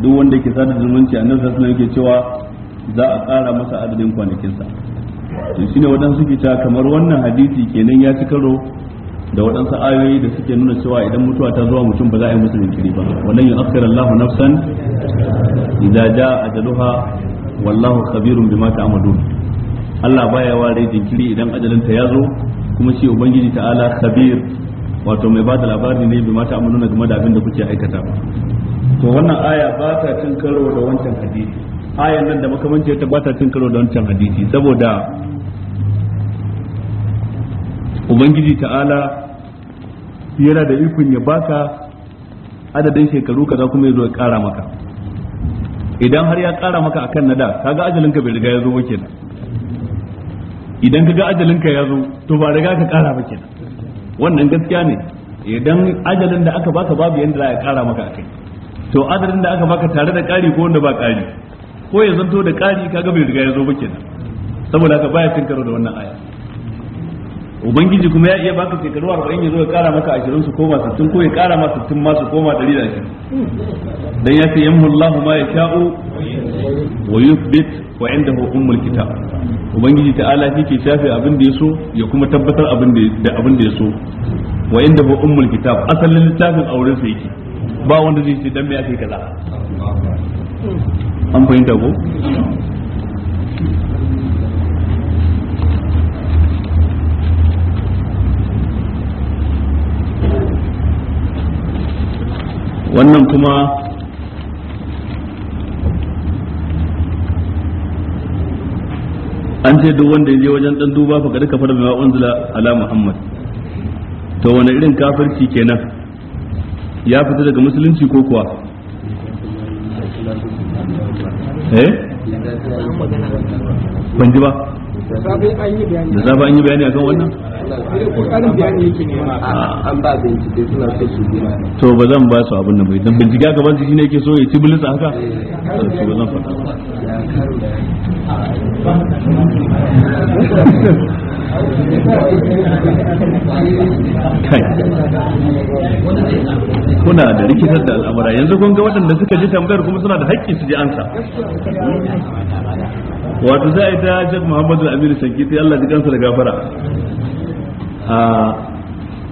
Speaker 1: duk wanda ke sada zumunci a nan suna yake cewa za a kara masa adadin kwanakinsa to shine waɗansu suke cewa kamar wannan hadisi kenan ya ci karo da waɗansu ayoyi da suke nuna cewa idan mutuwa ta zuwa mutum ba za a yi musu jinkiri ba wannan yin afkar Allahu nafsan ja a jaluha wallahu khabirun bima ta'malun Allah baya ware jinkiri idan ajalinta ya zo kuma shi ubangiji ta'ala khabir wato mai bada labari ne bai mata amaluna game da abin da kuke aikata to wannan
Speaker 2: aya ba ta
Speaker 1: cin karo da wancan hadisi ayan nan da makamanci ta ba ta cin karo da wancan hadisi saboda ubangiji ta'ala yana da ikon ya baka adadin shekaru kaza kuma ya zo ya kara maka idan har ya kara maka akan nada kaga ajalin ka bai riga ya zo kenan idan ka ga ajalin ka ya zo to ba riga ka kara ba kenan wannan gaskiya ne idan ajalin da aka baka babu yanda za a kara maka akai to adadin da aka baka tare da kari ko wanda ba kari ko ya zanto da kari kaga bai riga ya zo ba kenan saboda haka baya cin da wannan aya ubangiji kuma ya iya baka shekaru 40 ya zo ya kara maka 20 su koma 60 ko ya kara ma 60 ma su koma
Speaker 2: 120 dan ya
Speaker 1: ce yamhu Allah ma sha'u wa yuthbit wa indahu ummul kitab ubangiji ta'ala shi ke shafe abin da yaso ya kuma tabbatar abin da abin da yaso wa indahu ummul kitab asalin littafin auren sa yake ba wanda zai ce dan me ake yi kaza an fahimta ko wannan kuma an ce duk wanda ya je wajen dan duba fa kada fara mai unzila ala muhammad to wani irin kafirci kenan ya fita daga musulunci ko kuwa
Speaker 2: eh ban ji ba da safe an yi bayani akan wannan an ba bincike suna so su
Speaker 1: to ba zan ba su abin da mai dan bincike a gaban shi ne yake so ya ci bilis haka to ba zan faɗa
Speaker 2: kuna da rikitar da
Speaker 1: al'amura yanzu kun ga waɗanda suka ji tambayar kuma suna da haƙƙi su ji ansa wato za a yi ta Jaf Muhammadu Aminu Sankiti Allah ji kansa da gafara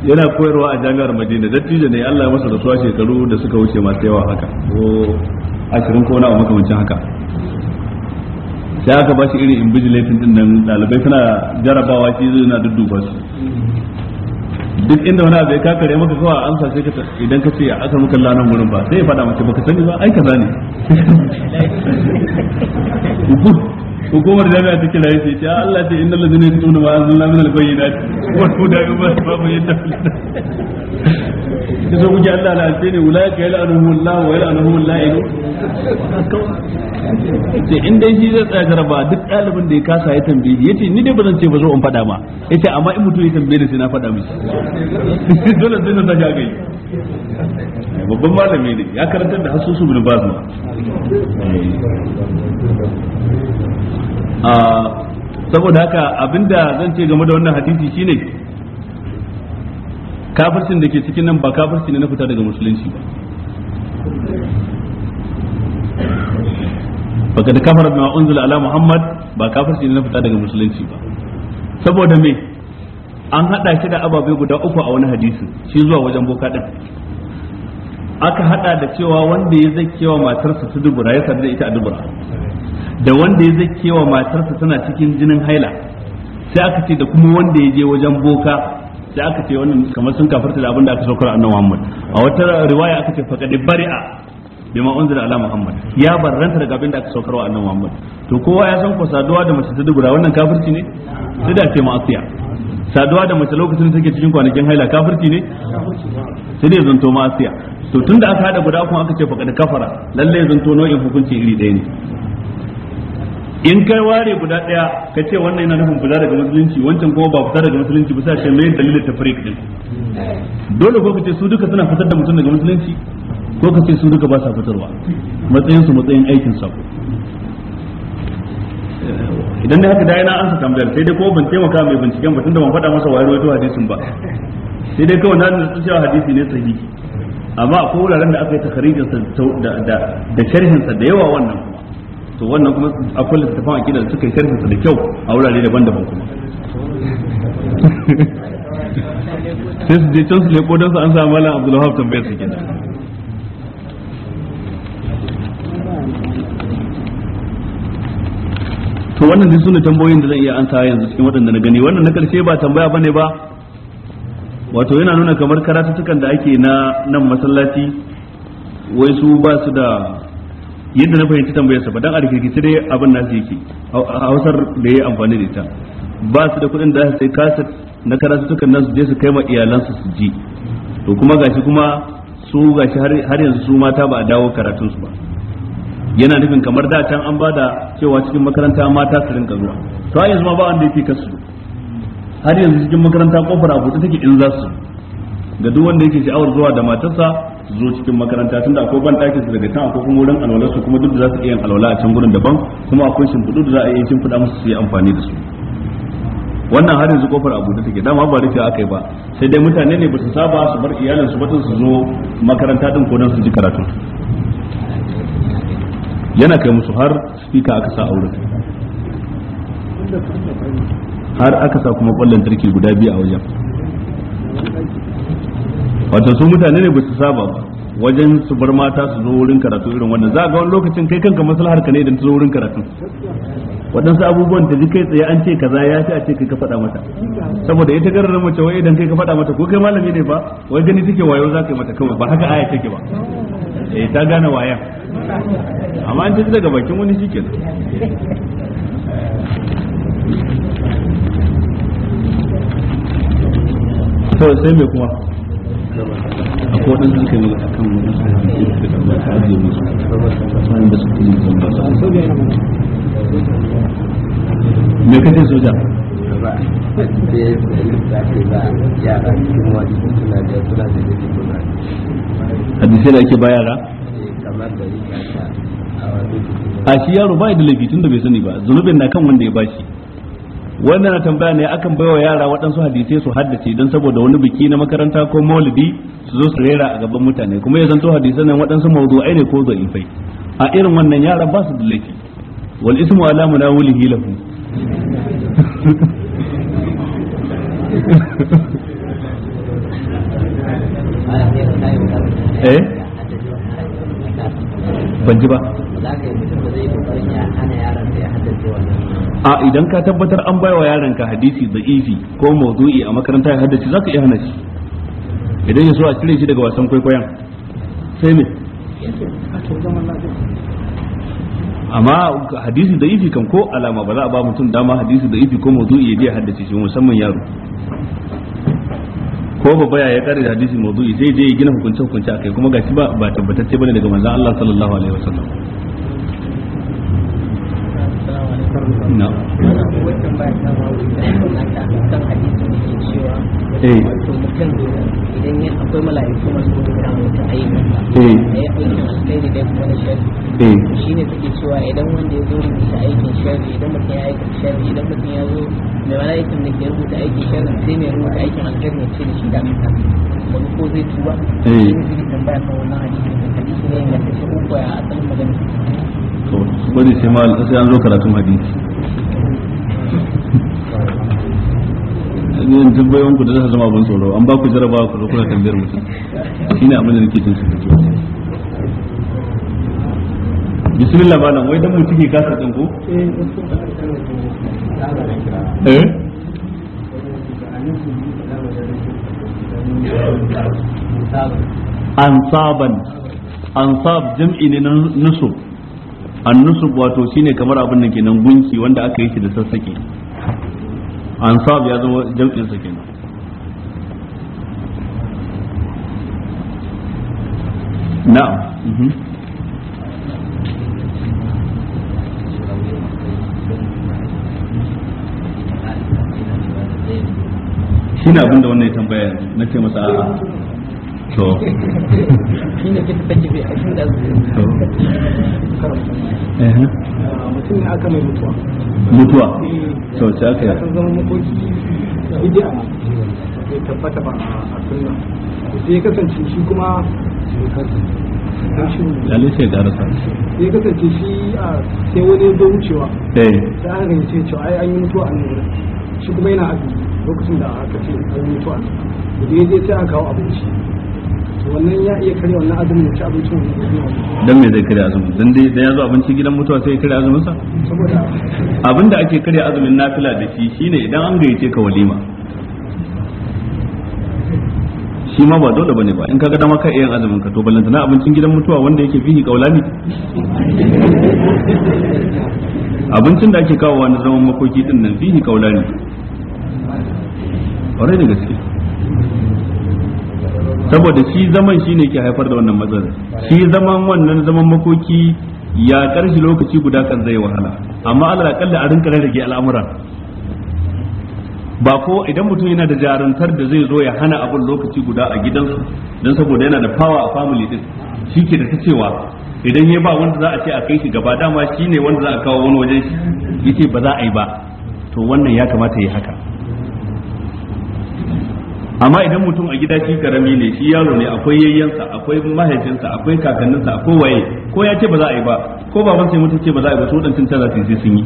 Speaker 1: yana koyarwa a jami'ar madina dattijo ne allah ya masa rasuwa shekaru da suka wuce masu yawa haka ko ashirin ko na makamancin haka sai aka ba shi irin invigilating din nan dalibai suna jarabawa shi zai na dudduba su duk inda wani abu ya kakare maka kawai amsa sai ka idan ka ce a asar muka lanan gurin ba sai ya faɗa maka baka sani ba ai ne hukumar jami'a ta kira yace ce ah, Allah ce innal ladina yatuna ma anzalna min al-bayyinat wa huda ba babu yadda kaza kuke Allah la'alce ne ulaka yal'anuhu Allah wa yal'anuhu Allah ce in dai shi zai tsaya jaraba duk ɗalibin da ya kasa ya tambaye ya ce ni dai ba zan ce ba zo in faɗa ma ya ce amma in mutum ya tambaye da sai na faɗa
Speaker 2: mishi dole sai na ta ga yi babban malami ne ya karantar da hasusu bin baz a eh. ah,
Speaker 1: saboda haka abinda zan ce game da wannan hadisi shine kafircin da ke cikin nan ba kafirci ne na fita daga musulunci ba baka da kafar bima unzila ala muhammad ba kafirci ne na fita daga musulunci ba saboda me an hada shi da ababai guda uku a wani hadisi shi zuwa wajen boka din aka hada da cewa wanda ya zakewa matarsa ta dubura ya sadu da ita a dubura da wanda ya zakewa matarsa tana cikin jinin haila sai aka ce da kuma wanda ya je wajen boka sai aka ce wannan kamar sun kafarta da abin da aka saukar annabi Muhammad a wata riwaya aka ce faqad bari'a bima unzila ala muhammad ya barranta daga abinda aka saukarwa annabi muhammad to kowa ya san ko saduwa da mace ta dubura wannan kafirci ne sai da ce ma'asiya saduwa da mace lokacin da take cikin kwanakin haila kafirci ne sai da zanto ma'asiya to tunda aka hada guda kuma aka ce faqad kafara lalle zanto nau'in hukunci iri ɗaya ne in kai ware guda daya ka ce wannan yana nufin fita daga musulunci wancan kuma ba fita daga musulunci ba sai ce mai dalilin tafrik din dole ko ce su duka suna fitar da mutum daga musulunci ko ka ce su duka ba sa fitarwa matsayin su matsayin aikin ko. idan dai haka da yana ansa tambayar sai dai ko ban taimaka mai binciken ba tunda ban faɗa masa wayar wato hadisin ba sai dai kawai na nutsu cewa hadisi ne sahihi amma akwai wuraren da aka yi takarijin sa da da sharhin sa da yawa wannan kuma to wannan kuma akwai littafan akida da suka yi sharhin sa da kyau a wurare daban-daban
Speaker 2: kuma sai su je can su leƙo don su an samu malam Abdullahi tambayar su kenan
Speaker 1: to wannan duk sune tambayoyin da zan iya ansa yanzu cikin waɗanda na gani wannan na karshe ba tambaya bane ba wato yana nuna kamar karatutukan da ake na nan masallaci wai su ba su da yadda na fahimci tambayar sa ba dan a rikirkice dai abin nasu yake hausar da yayi amfani da ita ba su da kuɗin da sai kaset na karatutukan su je su kai ma iyalansu su ji to kuma gashi kuma su gashi har yanzu su mata ba a dawo karatun su ba yana nufin kamar da can an bada cewa cikin makaranta mata su rinka zuwa to yanzu ma ba wanda yake kasu har yanzu cikin makaranta kofar a ta take in za su ga duk wanda yake sha'awar zuwa da matarsa su zo cikin makaranta tunda akwai ban ɗakin su daga can akwai kuma wurin alwalar su kuma duk da za su iya yin alwala a can gurin daban kuma akwai shimfiɗu da za a iya shimfiɗa musu su yi amfani da su wannan har yanzu kofar abu da take dama ba rufe aka yi ba sai dai mutane ne ba su saba su bar iyalinsu ba su zo makaranta din ko don su ji karatu yana kai musu har spika aka sa auren har aka sa kuma kwallon tarki guda biyu a wajen wato su mutane ne ba su saba ba wajen su bar mata su zo wurin karatu irin wannan za a ga wani lokacin kai kanka maslahar ka ne idan ta zo wurin karatu waɗansu abubuwan da kai tsaye an ce kaza ya fi a ce kai ka faɗa mata saboda ita garar mace wai idan kai ka faɗa mata ko kai malami ne ba wai gani take wayo za ka yi mata kawai ba haka aya take ba eh ta gane waya amma an tafi daga bakin wani shikin to sai me kuma
Speaker 2: akwai dan suka yi akan wani sai da ba ta ajiye musu wanda suke yi zamba me kace soja ake ba yara eh, a shi
Speaker 1: yaro ba da laifi tun da bai sani ba zunubin na kan wanda ya bashi wannan na tambaya ne akan baiwa yara waɗansu hadisai su haddace don saboda wani biki na makaranta ko maulidi su zo su rera a gaban mutane kuma ya zanto hadisai nan waɗansu ai ne ko fai. a irin wannan yara ba su da laifi wal ismu ala munawilihi lahu Eh? a idan ka tabbatar an wa yaron ka hadisi da ifi ko mawdu'i a makaranta ya haddace ka iya hana shi idan ya so a cire shi daga wasan kwaikwayon sai me amma hadisi da ifi kan ko alama ba za a ba mutum dama hadisi da ifi ko mazu ya je haddace shi musamman yaro ko baya ya kare hadisi mazu iya je ya gina hukunce hukunce akai kuma gashi ba ba tabbatacce bane daga manzon Allah sallallahu alaihi wasallam na
Speaker 2: wannan akwai mala'iku masu gudu da mutum ayyukan da eh. ya aikin alkhairi da kuma sharri eh. shi ne suke cewa idan wanda ya zo rubuta aikin sharri idan mutum ya aikin sharri idan mutum ya zo mai mala'ikan da ke rubuta aikin sharri sai mai rubuta aikin alkhairi ya ce da shi da mutum wani ko zai tuba eh. shi ne suke tambaya kan wannan hadisi da hadisi ne da ta uku a asalin magana.
Speaker 1: to bari sai ma sai an zo karatun hadisi yin tambayoyin ku da za zama abin tsoro an ba ku jaraba ku zo kuna tambayar mutum shi ne abin da nake jin su kake bismillah malam wai dan mutum ke kasa din ku eh ansaban ansab jam'i ne na nusub an nusub wato shine kamar abin da ke nan gunki wanda aka yi shi da sassake ansab ya zama jam'in sa kenan na'am mhm. wannan tambaya na ce masa a'a
Speaker 2: to shi ne ke a shi da mutum ya aka mai mutuwa mutuwa to eh. ta aka yi zama makoki bid'a bai tabbata ba a sunna sai ya kasance shi kuma
Speaker 1: lalle sai da sa sai
Speaker 2: ya kasance shi sai wani ya wucewa da eh. aka yi ce cewa ai an yi mutuwa a nan shi kuma yana azumi lokacin da aka ce an yi mutuwa da ya je sai aka kawo abinci wannan ya iya karya wannan azumin ya ci abinci wannan
Speaker 1: dan me zai karya azumin dan dai da ya zo abinci gidan mutuwa sai ya karya azumin sa abinda ake karya azumin nafila da shi shine idan an gayyace ka walima shi ma ba dole bane ba in kaga dama ka iya azumin ka to ballanta na abincin gidan mutuwa wanda yake fihi kaulani abincin da ake kawowa wani zaman makoki din nan fihi kaulani ƙwarai da gaske saboda shi zaman shi ne ke haifar da wannan matsalar shi zaman wannan zaman makoki ya karshe lokaci guda kan zai wahala amma Allah kalla a rinka rage al'amura ba ko idan mutum yana da jarantar da zai zo ya hana abin lokaci guda a gidansu don saboda yana da power a family din shi ke da ta cewa idan ya ba wanda za a ce a kai shi gaba dama shi ne wanda za a kawo wani wajen shi ba za a yi ba to wannan ya kamata ya yi haka amma idan mutum a gida shi karami ne shi yaro ne akwai yayyansa akwai mahaifinsa akwai kakanninsa akwai waye ko ya ce ba za a yi ba ko baban sai mutum ce ba za a yi ba to wadancan ta za su sai sun yi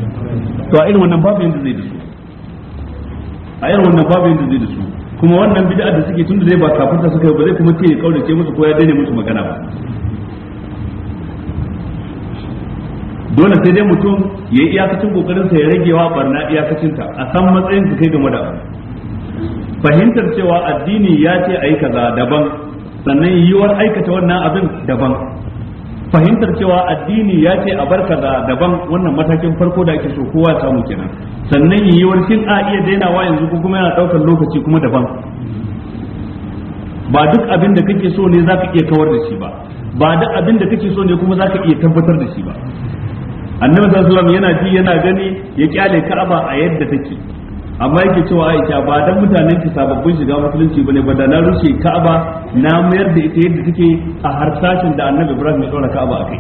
Speaker 1: to a irin wannan babu yanda zai da su a irin wannan babu yanda zai da su kuma wannan bid'a da suke tunda zai ba kafinta suka yi ba zai kuma ce ya kaurace musu ko ya daina musu magana ba dole sai dai mutum ya yi iyakacin kokarin sa ya ragewa barna iyakacinta a san matsayin su kai game da abu fahimtar cewa addini ya ce a yi kaza daban sannan yiwuwar aikata wannan abin daban fahimtar cewa addini ya ce a bar kaza daban wannan matakin farko da ake so kowa samu kenan sannan yiwuwar shin a iya dainawa yanzu ko kuma yana daukar lokaci kuma daban ba duk abin da kake so ne za ka iya kawar da shi ba ba duk abin da kake so ne kuma za ka iya tabbatar da shi ba annabi sallallahu alaihi yana ji yana gani ya kyale ka'aba a yadda take amma yake cewa Aisha ba dan mutanen ki sababbin shiga musulunci bane ba da na rushe Ka'aba na mayar da ita yadda take a harsashin da Annabi Ibrahim ya tsora Ka'aba kai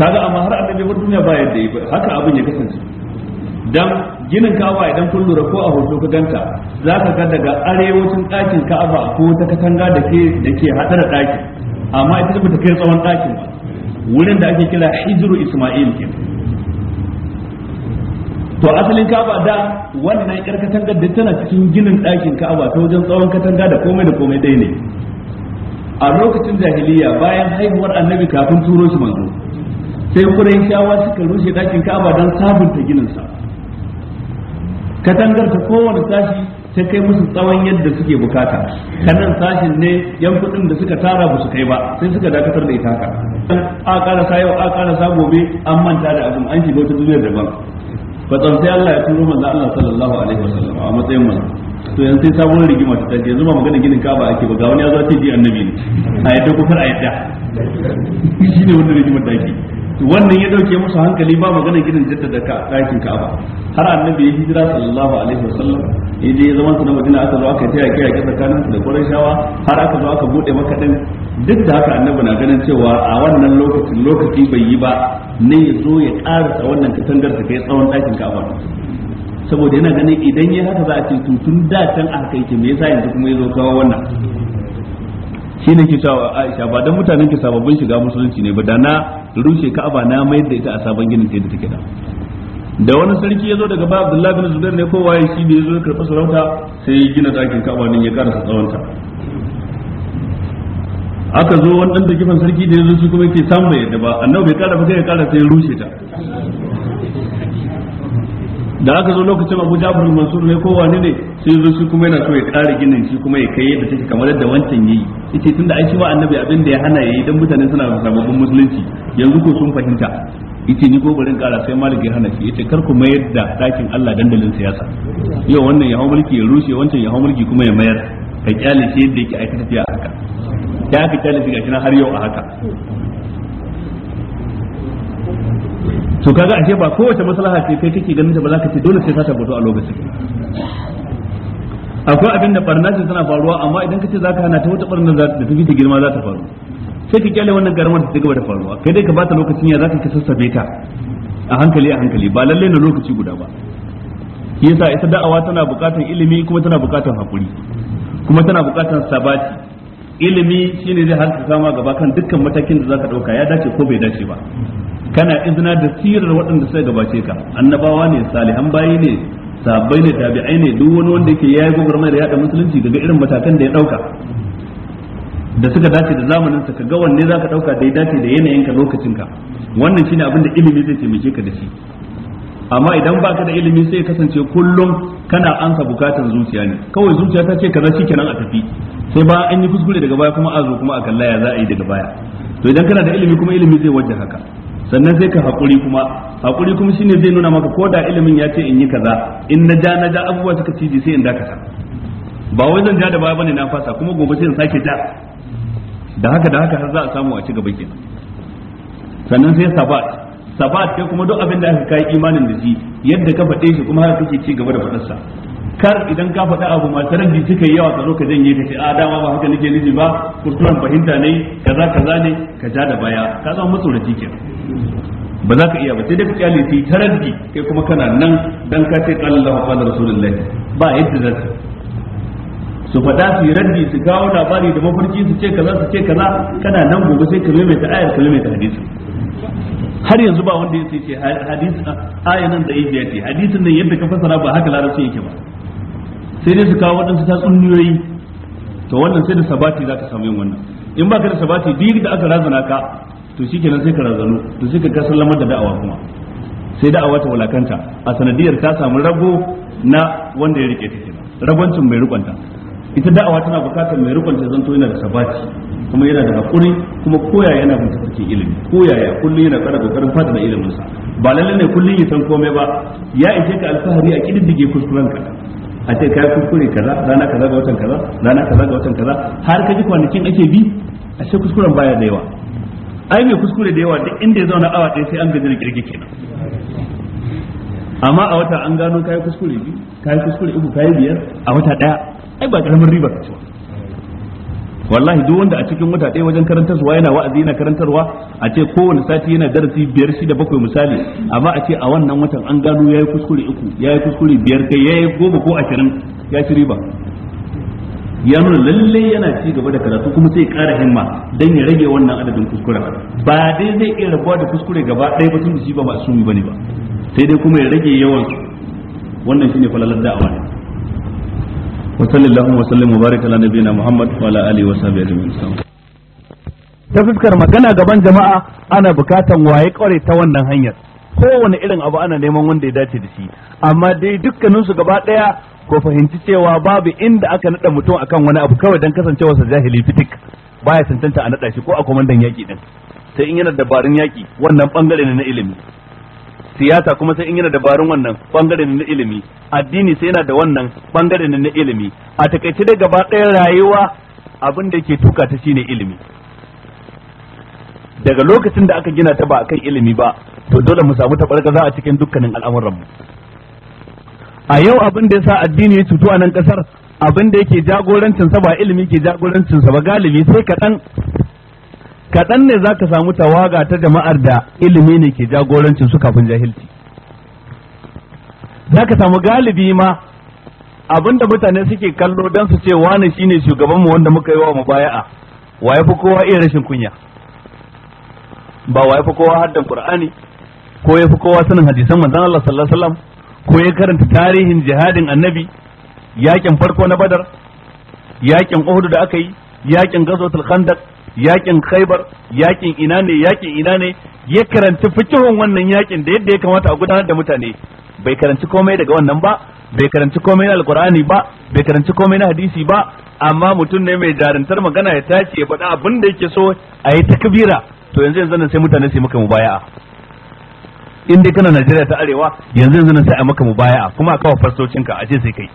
Speaker 1: kaga amma har Annabi bar duniya ba yadda yi haka abin ya kasance dan ginin Ka'aba idan kun lura ko a hoto ka ganta zaka ga daga arewacin ɗakin Ka'aba ko ta katanga da ke da ke hadar ɗakin amma ita ba ta kai tsawon ɗakin ba wurin da ake kira Hijru Isma'il kenan to asalin kaba da wannan yar katanga da tana cikin ginin ɗakin kaba ta wajen tsawon katanga da komai da komai dai ne a lokacin jahiliya bayan haihuwar annabi kafin turo shi manzo sai kurai shawa suka rushe ɗakin kaba don sabunta ginin sa katangar ta kowane sashi ta kai musu tsawon yadda suke bukata kanan sashin ne yan kuɗin da suka tara ba su kai ba sai suka dakatar da ita haka a ƙarasa yau a ƙarasa gobe an manta da abin an shiga wata duniyar daban fa tsamsai Allah ya turo manzo Allah sallallahu alaihi wasallam a matsayin manzo to yanzu sai sabon rigima ta tashi yanzu ba magana ginin kaba ake ba ga wani ya zo ce ji annabi ne a yadda ko kar a yadda shine wannan rigimar da ake wannan ya dauke musu hankali ba magana gidan jaddada ka ɗakin ba har annabi ya hijira sallallahu alaihi wasallam idan ya zama na Madina aka zo aka taya kai a tsakanin su da shawa har aka zo aka buɗe maka ɗin duk da haka annabi na ganin cewa a wannan lokacin lokaci bai yi ba ne ya zo ya karasa wannan katangar ta kai tsawon ɗakin kafa. saboda yana ganin idan ya haka za a ce tun da can aka yi me yasa yanzu kuma ya zo kawo wannan shi ne ke cewa Aisha ba dan mutanen ki sababbin shiga musulunci ne ba da na rushe Ka'aba na mayar da ita a sabon ginin sai da take da da wani sarki ya zo daga ba Abdullah bin Zubair ne ko waye shi ne ya zo ya karɓi sarauta sai ya gina dakin Ka'aba ne ya karasa tsawonta aka zo wani dan da kifan sarki da ya zo shi kuma yake sa bai yadda ba annabi bai kara ba sai ya kara sai ya rushe ta da aka zo lokacin abu jafar mansur ne ko wani ne sai zo shi kuma yana so ya kare ginin shi kuma ya kai yadda take kamar yadda wancan yayi yace tunda ai shi wa annabi abin da ya hana yayi dan mutane suna sababbin musulunci yanzu ko sun fahimta yace ni ko barin kara sai malik ya hana shi yace kar ku mayar da dakin Allah dandalin siyasa yau wannan ya hawo mulki ya rushe wancan ya hawo mulki kuma ya mayar ka kyale shi yadda yake aikata tafiya haka ya aka kyale shi kina har yau a haka to kaga ashe ba kowace maslaha ce kai kake ganin ta ba za ka ce dole sai ta tabbatu a lokacin. akwai abin da barna ce tana faruwa amma idan ka ce za ka hana ta wata barna da ta fi ta girma za ta faru sai ka kyale wannan garmar da ta gaba da faruwa kai dai ka bata lokacin ya za ka sassabe ta a hankali a hankali ba lallai na lokaci guda ba yasa ita da'awa tana bukatar ilimi kuma tana bukatar hakuri kuma tana bukatar sabati ilimi shine zai harka sama gaba kan dukkan matakin da zaka dauka ya dace ko bai dace ba kana izina da sirar waɗanda suka gabace ka annabawa ne salihan bayi ne sabbai ne tabi'ai ne duk wani wanda yake yayi gwagwarmaya da yada musulunci daga irin matakan da ya dauka da suka dace da zamanin ka ga wanne zaka dauka da ya dace da yanayin ka lokacin ka wannan shine abin da ilimi zai taimake ka da shi amma idan baka da ilimi sai kasance kullum kana ansa bukatan zuciya ne kawai zuciya ta ce ka kaza shikenan a tafi sai ba an yi kuskure daga baya kuma azu kuma a kalla ya za a yi daga baya to idan kana da ilimi kuma ilimi zai wajen haka sannan sai ka hakuri kuma hakuri kuma shine zai nuna maka ko da ilimin ya ce in yi kaza in na ja na ja abubuwa suka ciji sai in dakata ba wai zan ja da baya bane na fasa kuma gobe sai in sake ja da haka da haka har za a samu a ci gaba kenan sannan sai sabat sabat kai kuma duk abin da aka kai imanin da shi yadda ka faɗe shi kuma har kake ci gaba da faɗarsa kar idan ka faɗa abu masu raddi suka yi yawa ka zo ka janye ka ce a ah, dama ba haka nake nufi ba kuskuren fahimta ne kaza kaza ne ka ja da baya ka zama matsoraci ke ba za ka iya ba sai dai ka kyale ta raddi kai kuma kana nan dan ka ce qala qala rasulullahi ba yadda za ka su faɗa su yi raddi su kawo labari da mafarki su ce kaza su ce kaza kana nan gobe sai ka mai ayar ka ta hadisi har yanzu ba wanda ya ce hadisi ayanan da yake hadisin nan yadda ka fasara ba haka larabci yake ba sai dai su kawo waɗansu tatsuniyoyi to wannan sai da sabati za ka samu yin wannan in ba ka da sabati duk da aka razana ka to shi kenan sai ka razanu to sai ka ka lamar da da'awa kuma sai da'awa ta walakanta a sanadiyar ta samu rago na wanda ya rike ta kenan ragwancin mai rikonta ita da'awa tana bukatar mai rikonta zanto yana da sabati kuma yana da hakuri kuma koya yana bincike ilimi koyaya kullum yana kara kokarin fata da ilimin sa ba lalle ne kullum ya san komai ba ya ishe ka alfahari a kididdige kuskuren ka a ce kai kuskure kaza rana kaza ga watan kaza rana kaza ga watan kaza har ka ji kwanakin ake bi a ce kuskuren baya da yawa ai mai kuskure da yawa duk inda ya zauna awa ɗaya sai an gaji da kirki kenan amma a wata an gano kai kuskure bi kai kuskure uku kai biyar a wata ɗaya ai ba karamin riba kace ba wallahi duk wanda a cikin wata ɗaya wajen karantarwa yana wa'azi yana karantarwa a ce kowane sati yana darasi biyar shida bakwai misali amma a ce a wannan watan an gano ya yi kuskure uku ya yi kuskure biyar kai ya yi goma ko ashirin ya shiri riba ya nuna lalle yana ci gaba da karatu kuma sai kara himma don ya rage wannan adadin kuskure ba dai zai iya rabuwa da kuskure gaba ɗaya ba tun da shi ba ba ne ba sai dai kuma ya rage yawan wannan shine falalar da'awa ne وصلى اللهم وسلم وبارك على نبينا محمد وعلى اله وصحبه اجمعين ta fuskar magana gaban jama'a ana bukatan waye kware ta wannan hanyar kowane irin abu ana neman wanda ya dace da shi amma dai dukkanin su gaba daya ko fahimci cewa babu inda aka nada mutum akan wani abu kawai dan sa jahili fitik baya tantanta a nada shi ko a komandan yaki din sai in yana dabarun yaki wannan bangare ne na ilimi siyasa kuma sai in yana dabarun wannan bangaren na ilimi addini sai yana da wannan bangaren na ilimi a takaice da gaba ɗaya rayuwa abin da yake tuka ta shine ilimi daga lokacin da aka gina ta ba akan ilimi ba to dole mu samu tabargaza a cikin dukkanin al'amuranmu a yau abin da yasa addini ya cutu a nan kasar abin da yake jagorancin sa ba ilimi ke jagorancin sa ba galibi sai kaɗan kaɗan ne za ka samu tawaga ta jama'ar da ilimi ne ke jagorancin su kafin jahilci za ka samu galibi ma abinda mutane suke kallo don su ce wani shine shugabanmu wanda muka yi wa mubaya'a wa ya fi kowa iya rashin kunya ba wa ya fi kowa haddan qur'ani ko ya fi kowa sanin hadisan manzon Allah sallallahu ko ya karanta tarihin jihadin annabi yakin farko na badar yakin uhud da aka yi yakin ghazwatul khandaq yakin khaibar yakin ina ne yakin ina ne ya karanci fikihun wannan yakin da yadda ya kamata a gudanar da mutane bai karanci komai daga wannan ba bai karanci komai na alkur'ani ba bai karanci komai na hadisi ba amma mutum ne mai jarintar magana ya tace ya faɗa abin da yake so a yi takbira to yanzu yanzu nan sai mutane su maka mubaya'a in dai kana Najeriya ta arewa yanzu yanzu nan sai a maka mubaya'a kuma a kawo ka a ce sai kai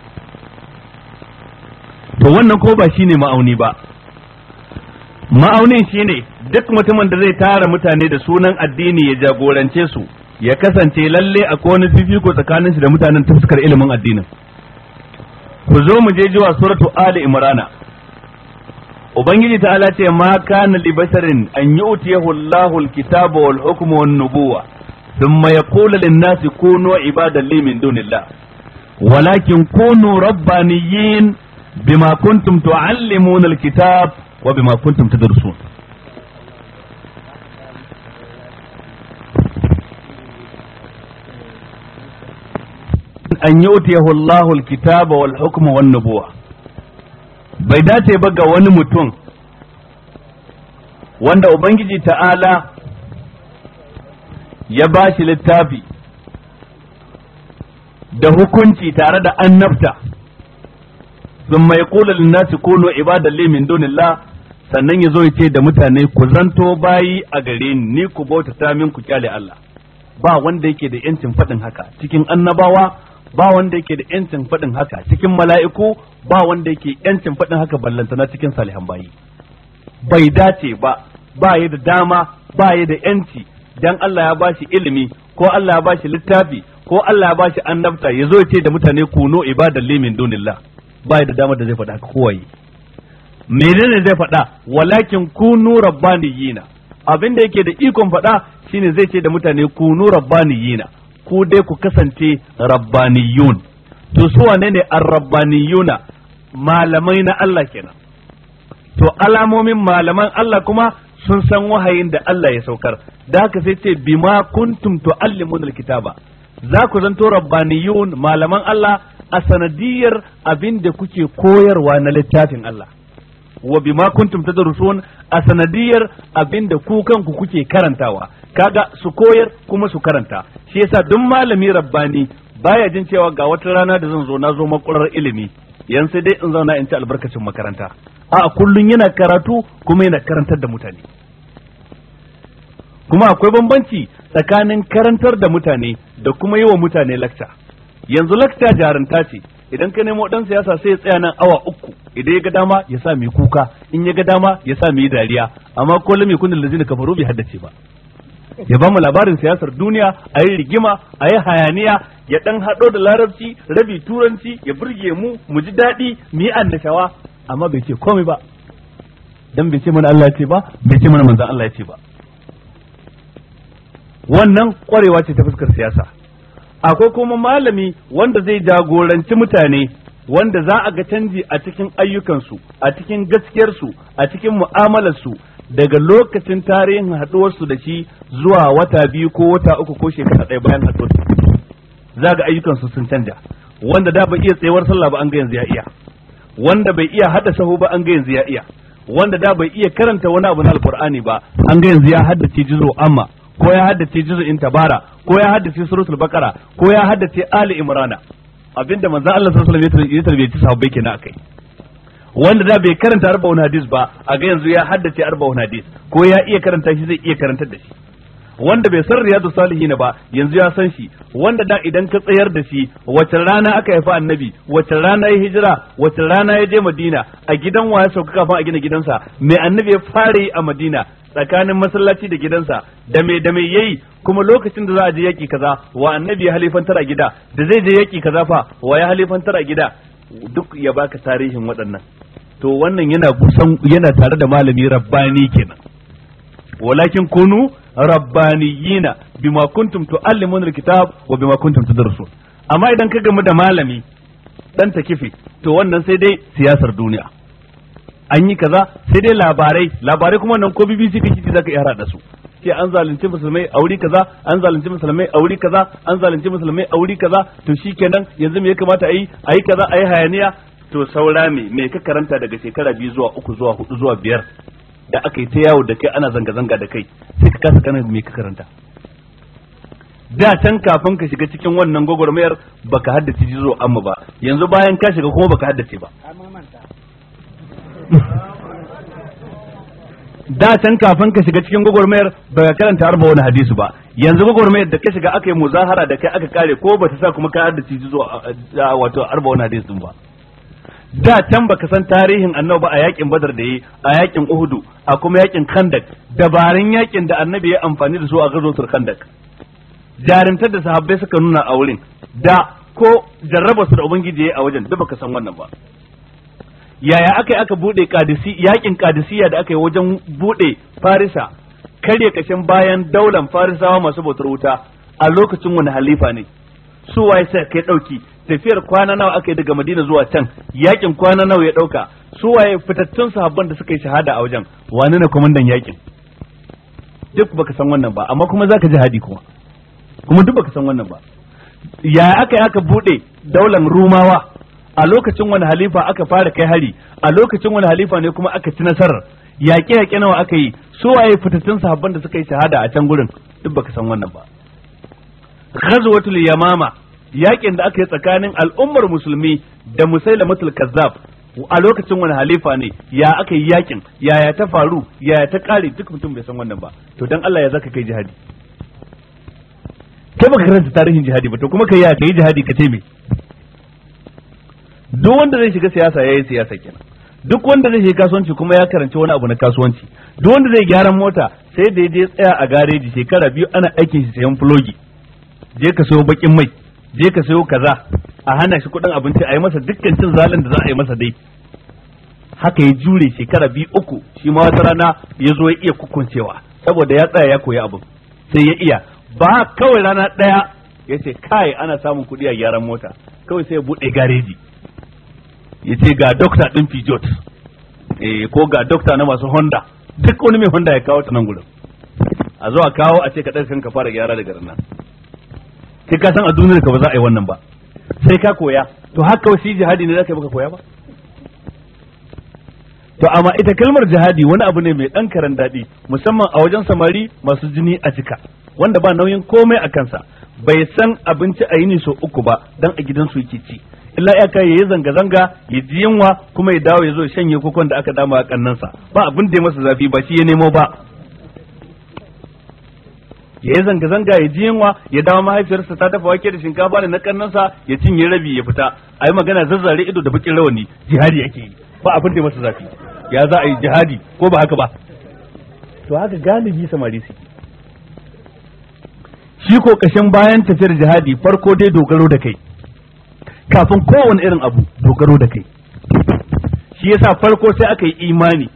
Speaker 1: to wannan ko ba shine ma'auni ba ma'aunin shine duk mutumin da zai tara mutane da sunan addini ya jagorance su ya kasance lalle a wani fifiko tsakanin shi da mutanen tuskar ilimin addinin ku zo mu je jiwa suratu ali imrana ubangiji ta ala ce ma kana li basharin an yu'tiyahu Allahu al-kitaba wal hukma wan nubuwa thumma yaqulu lin-nasi kunu ibadan li min dunillah walakin kunu rabbaniyin bima kuntum tu'allimuna al-kitab wa bima kuntum tadrusun an yutiyahu Allahu alkitaba wal hukma wan nubuwa bai dace ba ga wani mutum wanda ubangiji ta'ala ya ba shi littafi da hukunci tare da annabta sun mai kula linnasi kunu ibadan li min dunillah sannan ya zo ya ce da mutane ku zanto bayi a gare ni ni ku bauta ta min ku kyale Allah ba wanda yake da yancin faɗin haka cikin annabawa ba wanda yake da yancin faɗin haka cikin mala'iku ba wanda yake yancin faɗin haka na cikin salihan bayi bai dace ba ba ya da dama ba ya da yanci dan Allah ya bashi ilimi ko Allah ya bashi littafi ko Allah ya bashi annabta ya zo ya ce da mutane kuno ibadan limin dunillah ba ya da dama da zai faɗa haka kowaye menene zai faɗa walakin kunu yina abin da yake da ikon faɗa shine zai ce da mutane kunu rabbaniyina ku dai ku kasance rabbaniyun to su wane ne ar-rabbaniyuna malamai na Allah kenan to alamomin malaman Allah kuma sun san wahayin da Allah ya saukar da haka sai ce bima kuntum tuallimuna alkitaba za ku zanto rabbaniyun malaman Allah a sanadiyar abin da kuke koyarwa na littafin Allah wa bima kuntum tadrusun a sanadiyar abinda ku kanku kuke karantawa kaga su koyar kuma su karanta shi yasa duk malami rabbani baya jin cewa ga wata rana da zan zo na zo makurar ilimi yan sai dai in zauna in ci albarkacin makaranta a kullun yana karatu kuma yana karantar da mutane kuma akwai bambanci tsakanin karantar da mutane da kuma yi wa mutane lakta yanzu lakta jarunta ce idan ka nemo dan siyasa sai ya tsaya nan awa uku idan ya ga dama ya sa mai kuka in ya ga dama ya sa mai dariya amma ko lam yakun allazina kafaru bai haddace ba ya ba mu labarin siyasar duniya a yi rigima a yi hayaniya ya ɗan haɗo da larabci rabi turanci ya burge mu mu ji daɗi mu yi annashawa amma bai ce komai ba dan bai ce mana Allah ya ce ba bai ce mana manzon Allah ya ce ba wannan kwarewa ce ta fuskar siyasa akwai kuma malami wanda zai jagoranci mutane wanda za a ga canji a cikin ayyukansu a cikin gaskiyarsu a cikin mu'amalarsu daga lokacin tarihin haɗuwarsu da shi zuwa wata biyu ko wata uku ko shekara ɗaya bayan haɗuwarsu za ga ayyukansu sun canja wanda da bai iya tsayuwar sallah ba an ga yanzu ya iya wanda bai iya hada sahu ba an ga yanzu ya iya wanda da bai iya karanta wani abu na alkur'ani ba an ga yanzu ya haddace jizo amma ko ya haddace juz'in tabara ko ya haddace suratul baqara ko ya haddace ali imrana abinda manzo Allah sallallahu alaihi wasallam ya tarbiyaci sahabbai kenan akai wanda da bai karanta arba'un hadis ba a ga yanzu ya haddace arba'un hadis ko ya iya karanta shi zai iya karantar da shi wanda bai san riyadu salihin ba yanzu ya san shi wanda da idan ka tsayar da shi wace rana aka haifa annabi wace rana ya hijira wace rana ya je madina a gidan wa ya sauka kafin a gina gidansa mai annabi ya fara yi a madina tsakanin masallaci da gidansa da me da me yayi kuma lokacin da za a je yaki kaza wa annabi ya halifantar a gida da zai je yaki kaza fa wa ya halifantar a gida duk ya baka tarihin waɗannan to wannan yana kusan yana tare da malami rabbani kenan walakin kunu rabbaniyina bima kuntum tuallimuna alkitab wa bima kuntum tadrusun amma idan ka gamu da malami dan takifi to wannan sai dai siyasar duniya an yi kaza sai dai labarai labarai kuma nan ko BBC kake ji zaka iya rada su ke an zalunci musulmai a kaza an zalunci musulmai aure kaza an zalunci musulmai aure kaza to shikenan yanzu me ya kamata a yi a yi kaza a yi hayaniya to saura me me ka karanta daga shekara biyu zuwa uku zuwa hudu zuwa biyar da aka yi ta yawo da kai ana zanga-zanga da kai sai ka kasa kana me ka karanta da can kafin ka shiga cikin wannan gwagwarmayar baka haddace jizo amma ba yanzu bayan ka shiga kuma baka haddace ba da can kafin ka shiga cikin gwagwarmayar ba ka karanta arba wani hadisu ba yanzu gwagwarmayar da ka shiga aka yi muzahara da kai aka kare ko ba ta sa kuma ka da ciji zuwa wato arba wani hadisi ba da can ka san tarihin annabi ba a yakin badar da yi a yakin uhudu a kuma yakin kandak dabarun yakin da annabi ya amfani da su a gazotar kandak jarumtar da sahabbai suka nuna a wurin da ko jarraba su da ubangiji a wajen ba ka san wannan ba yaya aka yi aka bude kadisi yakin kadisiya da aka yi wajen bude farisa karya kashin bayan daular farisawa masu bautar wuta a lokacin wani halifa ne su waye sai kai dauki tafiyar kwana nawa aka yi daga madina zuwa can yakin kwana nawa ya dauka su waye fitattun sahabban da suka yi shahada a wajen wani ne komandan yakin duk baka san wannan ba amma kuma zaka ji hadi kuma kuma duk baka san wannan ba ya aka yi aka bude daular rumawa a lokacin wani halifa aka fara kai hari a lokacin wani halifa ne kuma aka ci nasarar yaƙe yaƙe nawa aka yi su waye fitattun sahabban da suka yi shahada a can gurin duk baka san wannan ba ghazwatul yamama yaƙin da aka yi tsakanin al'ummar musulmi da musailamatul kazzab a lokacin wani halifa ne ya aka yi yaƙin yaya ta faru yaya ta kare duk mutum bai san wannan ba to dan Allah ya zaka kai jihadi kai baka karanta tarihin jihadi ba to kuma kai ya kai jihadi ka ce me duk wanda zai shiga siyasa ya yi siyasa kenan duk wanda zai shiga kasuwanci kuma ya karanci wani abu na kasuwanci duk wanda zai gyaran mota sai da je tsaya a gareji shekara biyu ana aikin shi sayan fulogi je ka sayo bakin mai je ka sayo kaza a hana shi kuɗin abinci a yi masa dukkan cin zalin da za a yi masa dai haka ya jure shekara biyu uku shi ma wata rana ya zo ya iya kukuncewa saboda ya tsaya ya koyi abu sai ya iya ba kawai rana ɗaya ya ce kai ana samun kuɗi a gyaran mota kawai sai ya buɗe gareji ya ce ga dokta ɗin Peugeot eh, ko ga dokta na masu Honda duk wani mai Honda ya kawo ta nan gudun a zo kawo a ce ka ɗaga ka fara gyara daga nan Ke ka san a duniyar ka ba za a yi wannan ba sai ka koya to haka wasu jihadi ne za ka yi baka koya ba to amma ita kalmar jihadi wani abu ne mai ɗan karan daɗi musamman a wajen samari masu jini a jika wanda ba nauyin komai a kansa bai san abinci a yini so uku ba dan a gidansu yake ci illa ya kai zanga zanga ya ji yunwa kuma ya dawo ya zo shanye kokon da aka dama a kannansa ba abin da ya masa zafi ba shi ya nemo ba ya yi zanga zanga ya ji yunwa ya dawo mahaifiyarsa ta dafa wake da shinkafa da na kannansa ya cinye rabi ya fita a yi magana zazzare ido da bakin rawani jihadi yake yi ba abin da ya masa zafi ya za a yi jihadi ko ba haka ba to haka galibi samari ke. shi ko kashin bayan tafiyar jihadi farko dai dogaro da kai kafin kowane irin abu dogaro da kai shi yasa farko sai aka yi imani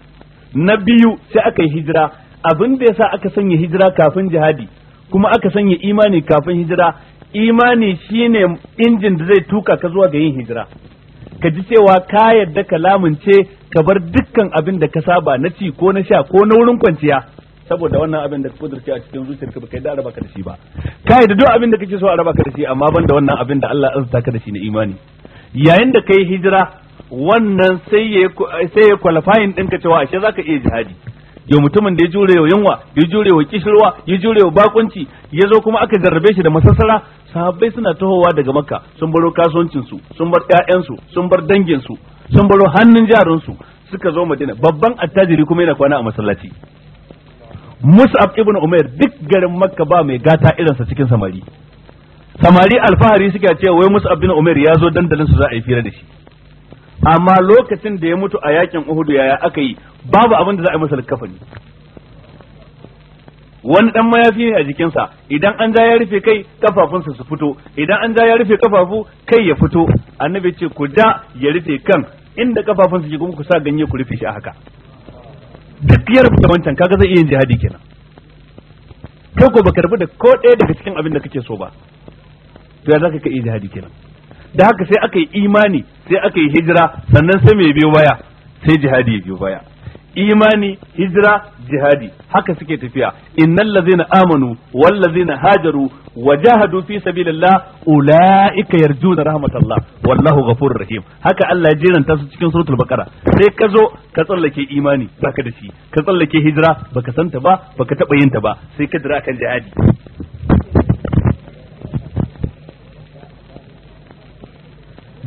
Speaker 1: na biyu sai aka yi hijira abin da yasa aka sanya hijira kafin jihadi kuma aka sanya imani kafin hijira imani shine injin da zai tuka ka zuwa ga yin hijira ka ji cewa ka yarda ka lamunce ka bar dukkan abin da ka saba na ci ko na sha ko na wurin kwanciya saboda wannan abin da ka kudurce a cikin zuciyarka ba kai da raba ka da shi ba kai da duk abin da kake so raba ka da shi amma ban wannan abin da Allah azza ka da shi na imani yayin da kai hijira wannan sai ya sai ya qualifying ka cewa ashe zaka iya jihadi yau mutumin da ya jure wa yunwa ya jure wa kishirwa ya jure wa bakunci ya zo kuma aka jarrabe shi da masassara sahabbai suna tahowa daga makka sun baro kasuwancinsu sun bar ƴaƴansu sun bar su sun baro hannun jarinsu suka zo madina babban attajiri kuma yana kwana a masallaci mus'ab ibn umair duk garin makka ba mai gata irin sa cikin samari samari alfahari suke cewa wai mus'ab ibn umair ya zo dandalin su za a yi fira da shi amma lokacin da ya mutu a yakin uhudu yaya aka yi babu abin da za a yi masa kafani wani dan mayafi ne a jikinsa idan an ja ya rufe kai kafafunsa su fito idan an ja ya rufe kafafu kai ya fito annabi ce ku da ya rufe kan inda kafafun su kuma ku sa ganye ku rufe shi haka duk ya rubuta wancan kaga zai iya yin jihadi kenan kai ko baka da ko ɗaya daga cikin abin da kake so ba to ya zaka kai jihadi kenan da haka sai aka yi imani sai aka yi hijira sannan sai mai biyo baya sai jihadi ya biyo baya imani hijira jihadi haka suke tafiya innal ladzina amanu wal ladzina hajaru wajahadu fi sabilillah ulaika yarjuna rahmatallah wallahu ghafurur rahim haka Allah ya jiranta su cikin suratul baqara sai ka zo ka tsallake imani baka da shi ka tsallake hijira baka santa ba baka taba yin ta ba sai ka dira kan jihadi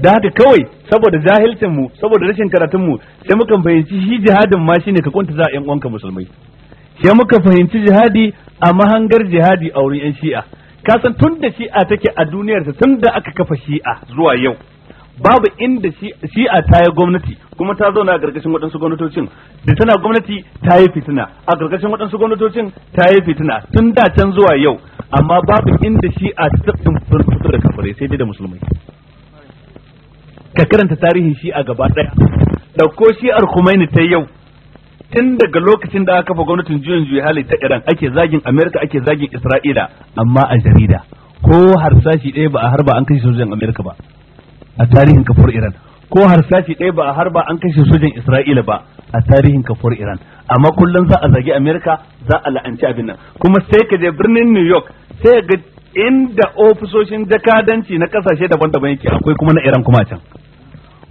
Speaker 1: da haka kawai saboda jahilcin mu saboda rashin karatun mu sai muka fahimci shi jihadin ma shine ka kunta za a yan uwanka musulmai sai muka fahimci jihadi a mahangar jihadi a wurin yan shi'a ka san tun da shi'a take a duniyar ta tun da aka kafa shi'a zuwa yau babu inda shi'a ta yi gwamnati kuma ta zauna a gargashin waɗansu gwamnatocin da tana gwamnati ta yi fitina a gargashin waɗansu gwamnatocin ta yi fitina tun da can zuwa yau amma babu inda shi'a ta fitar da kafirai sai dai da musulmai ka karanta tarihin shi a gaba ɗaya ɗauko shi al-Khomeini ta yau tun daga lokacin da aka fa gwamnatin juyin juyi hali ta Iran ake zagin Amerika ake zagin Isra'ila amma a jarida ko harsashi ɗaya ba a harba an kashe sojan Amerika ba a tarihin kafur Iran ko harsashi ɗaya ba a harba an kashe sojan Isra'ila ba a tarihin kafur Iran amma kullum za a zagi Amerika za a la'anci abin nan kuma sai ka je birnin New York sai ga inda ofisoshin jakadanci na kasashe daban-daban yake akwai kuma na Iran kuma can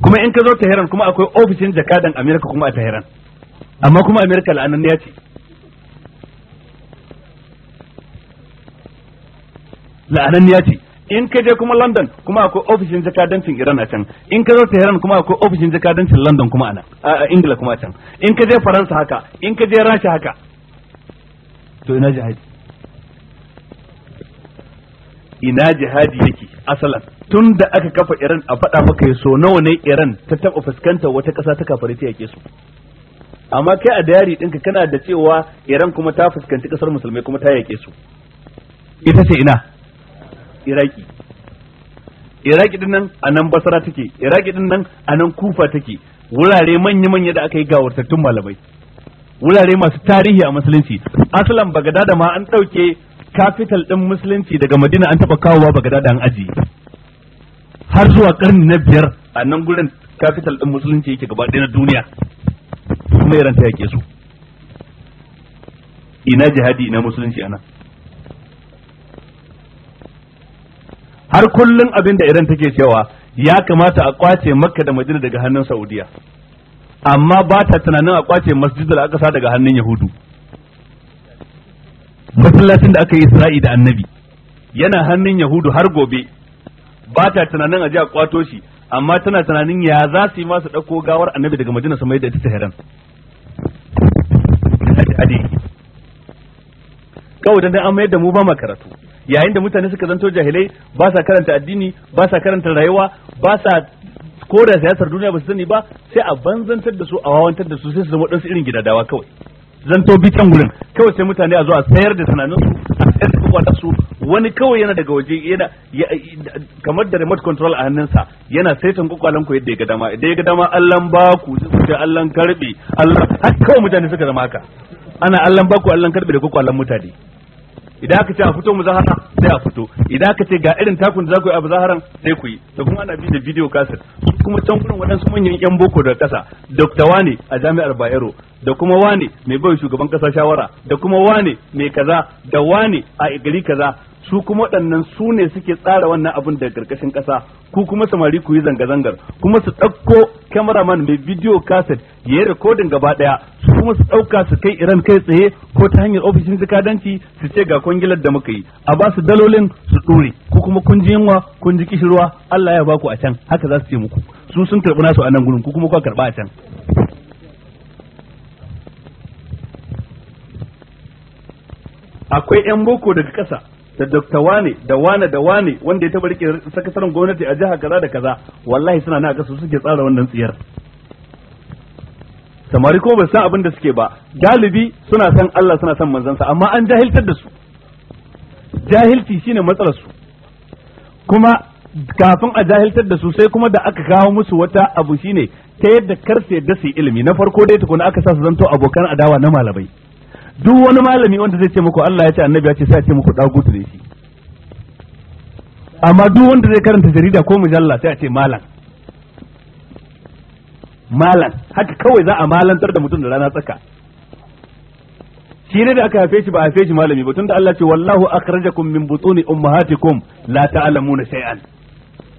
Speaker 1: kuma in ka zo Tehran kuma akwai ofishin jakadan Amerika kuma a Tehran amma kuma Amerika la'ananniya ce la'ananniya ce in ka je kuma London kuma akwai ofishin jakadancin Iran a can in ka zo Tehran kuma akwai ofishin jakadancin London kuma a nan a Ingila kuma a can in ka je Faransa haka in ka je Rasha haka to ina jihadi ina jihadi yake asalan tun da aka kafa iran a faɗa maka so nawa ne iran ta taɓa fuskantar wata ƙasa ta kafare ta yake su amma kai a dayari ɗinka kana da cewa iran kuma ta fuskanci ƙasar musulmai kuma ta yake su ita ce ina iraki iraki din nan a nan basra take iraki din nan a nan kufa take wurare manya-manya da aka yi gawartattun malamai wurare masu tarihi a musulunci asalan bagada da ma an ɗauke kafital ɗin musulunci daga madina an taɓa kawowa da an aji har zuwa ƙarni na biyar a nan gurin kafital ɗin musulunci yake gaba ɗaya na duniya kuma iran ta yake su ina jihadi ina musulunci ana har kullum abin da iran take cewa ya kamata a kwace makka da madina daga hannun saudiya amma ba ta tunanin a kwace masjid aqsa daga hannun yahudu masallacin da aka yi isra'i da annabi yana hannun yahudu har gobe ba ta tunanin a ji a kwato shi amma tana tunanin ya za su yi masu ɗauko gawar annabi daga madina su mai da ita tehran kawai dan an mayar da mu ba ma karatu yayin da mutane suka zanto jahilai ba sa karanta addini ba sa karanta rayuwa ba sa ko siyasar duniya ba su sani ba sai a banzantar da su a wawantar da su sai su zama ɗansu irin gidadawa kawai zanto bitan gurin kawai sai mutane a zo a sayar da su a sayar da kwakwata su wani kawai yana daga waje yana kamar da remote control a hannunsa yana saitan kwakwalen ku yadda ya ga dama idan ya ga dama allan baku sai allan karbe allan har kawai mutane suka zama haka ana allan baku allan karbe da kwakwalen mutane idan aka ce a fito muzahara sai a fito idan aka ce ga irin takun da za ku yi a muzaharan sai ku yi da kuma ana bi da bidiyo kaset kuma can gurin waɗansu manyan yan boko daga ƙasa dr wane a jami'ar bayero da kuma wane mai bai shugaban kasa shawara da kuma wane mai kaza da wane a gari kaza su kuma waɗannan su ne suke tsara wannan abin da karkashin kasa ku kuma samari ku yi zanga-zangar kuma su ɗauko kamaraman mai bidiyo kaset ya yi rikodin gaba ɗaya su kuma su ɗauka su kai iran kai tsaye ko ta hanyar ofishin jikadanci su ce ga kwangilar da muka yi a ba su dalolin su ɗore ku kuma kun ji yunwa kun ji kishirwa Allah ya baku a can haka za su ce muku su sun karɓi nasu a nan gurin ku kuma kwa karɓa a can akwai yan boko daga ƙasa da dokta wane da wane da wane wanda ya taba rike sakataren gwamnati a jiha kaza da kaza wallahi suna na ƙasa suke tsara wannan tsiyar samari ko ba san abin da suke ba galibi suna san Allah suna san manzansa amma an jahiltar da su jahilci shine matsalar su kuma kafin a jahiltar da su sai kuma da aka kawo musu wata abu shine ta yadda kar su su ilimi na farko dai tukuna aka sa su zanto abokan adawa na malamai duk wani malami wanda zai ce muku Allah ya ce annabi ya ce sai ce muku dagutu da shi amma duk wanda zai karanta jarida ko mujalla sai a ce malam malam haka kawai za a malantar da mutum da rana tsaka shi ne da aka haife shi ba haife shi malami ba tunda Allah ce wallahu akhrajakum min butuni ummahatikum la ta'lamuna shay'an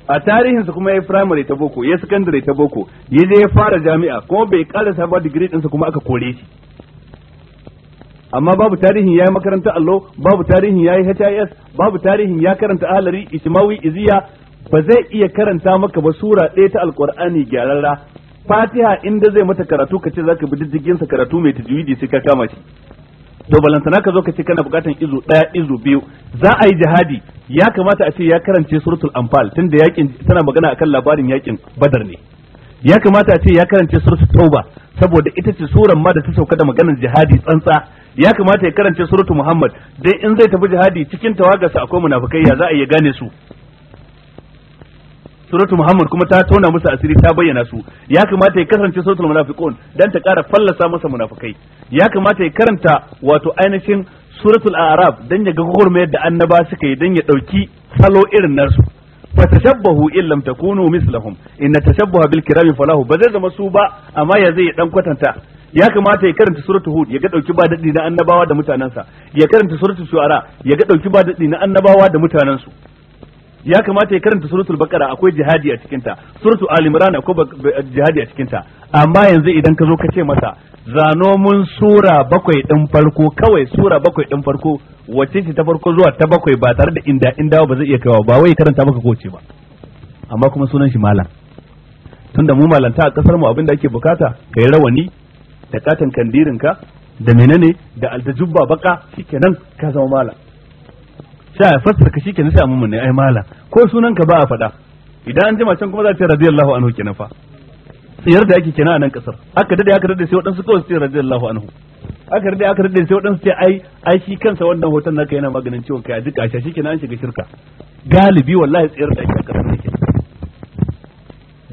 Speaker 1: a tarihin su kuma ya primary ta boko ya secondary ta boko ya je ya fara jami'a kuma bai karasa ba degree din sa kuma aka kore shi amma babu tarihin yayi makarantar allo babu tarihin yayi HIS babu tarihin ya karanta ahlari ijmawi iziya ba zai iya karanta maka ba sura ɗaya ta alqur'ani gyararra fatiha inda zai mata karatu ka ce zaka bi diddigin sa karatu mai tajwidi sai ka kama shi to balantana ka zo ka ce kana bukatan izu ɗaya izu biyu za a yi jihadi ya kamata a ce ya karance suratul anfal tunda yakin tana magana akan labarin yakin badar ne ya kamata a ce ya karance suratul tauba saboda ita ce suran ma da ta sauka da maganar jihadi tsantsa ya kamata ya karance suratul muhammad dai in zai tafi jihadi cikin tawagarsa akwai munafikai ya za a iya gane su suratul muhammad kuma ta tona musu asiri ta bayyana su ya kamata ya karance suratul munafiqun dan ta kara fallasa masa munafukai. ya kamata ya karanta wato ainihin suratul a'raf dan ya ga gurmayar da annaba suka yi dan ya dauki salo irin nasu fatashabbahu in lam takunu mislahum in tashabbaha bil kiram falahu ba zai zama su ba amma ya zai dan kwatanta ya kamata ya karanta suratul hud ya ga dauki ba dadi na annabawa da mutanansa ya karanta suratul shu'ara ya ga dauki ba dadi na annabawa da mutanansu ya kamata ya karanta suratul baqara akwai jihadi a cikin ta suratul ali akwai jihadi a cikin ta amma yanzu idan ka zo ka ce masa zano mun sura bakwai ɗin farko kawai sura bakwai ɗin farko wacce ce ta farko zuwa ta bakwai ba tare da inda inda ba zai iya kaiwa ba wai karanta maka ce ba amma kuma sunan shi malam tunda mu malanta a kasar mu abin da ake bukata kai rawani da katan kandirin ka da menene da aljajubba baka shikenan ka zama malam sai a fassara ka shikenan sai a ne ai malam ko sunan ka ba a faɗa idan an jima can kuma za ta radiyallahu anhu kenan fa tsiyar da ake kenan a nan kasar aka dade aka dade sai waɗansu kawai sai radiyallahu anhu aka dade aka dade sai waɗansu sai ai ai shi kansa wannan hoton naka yana maganin ciwon kai a duka shi kenan an shiga shirka galibi wallahi tsayar da ake kasar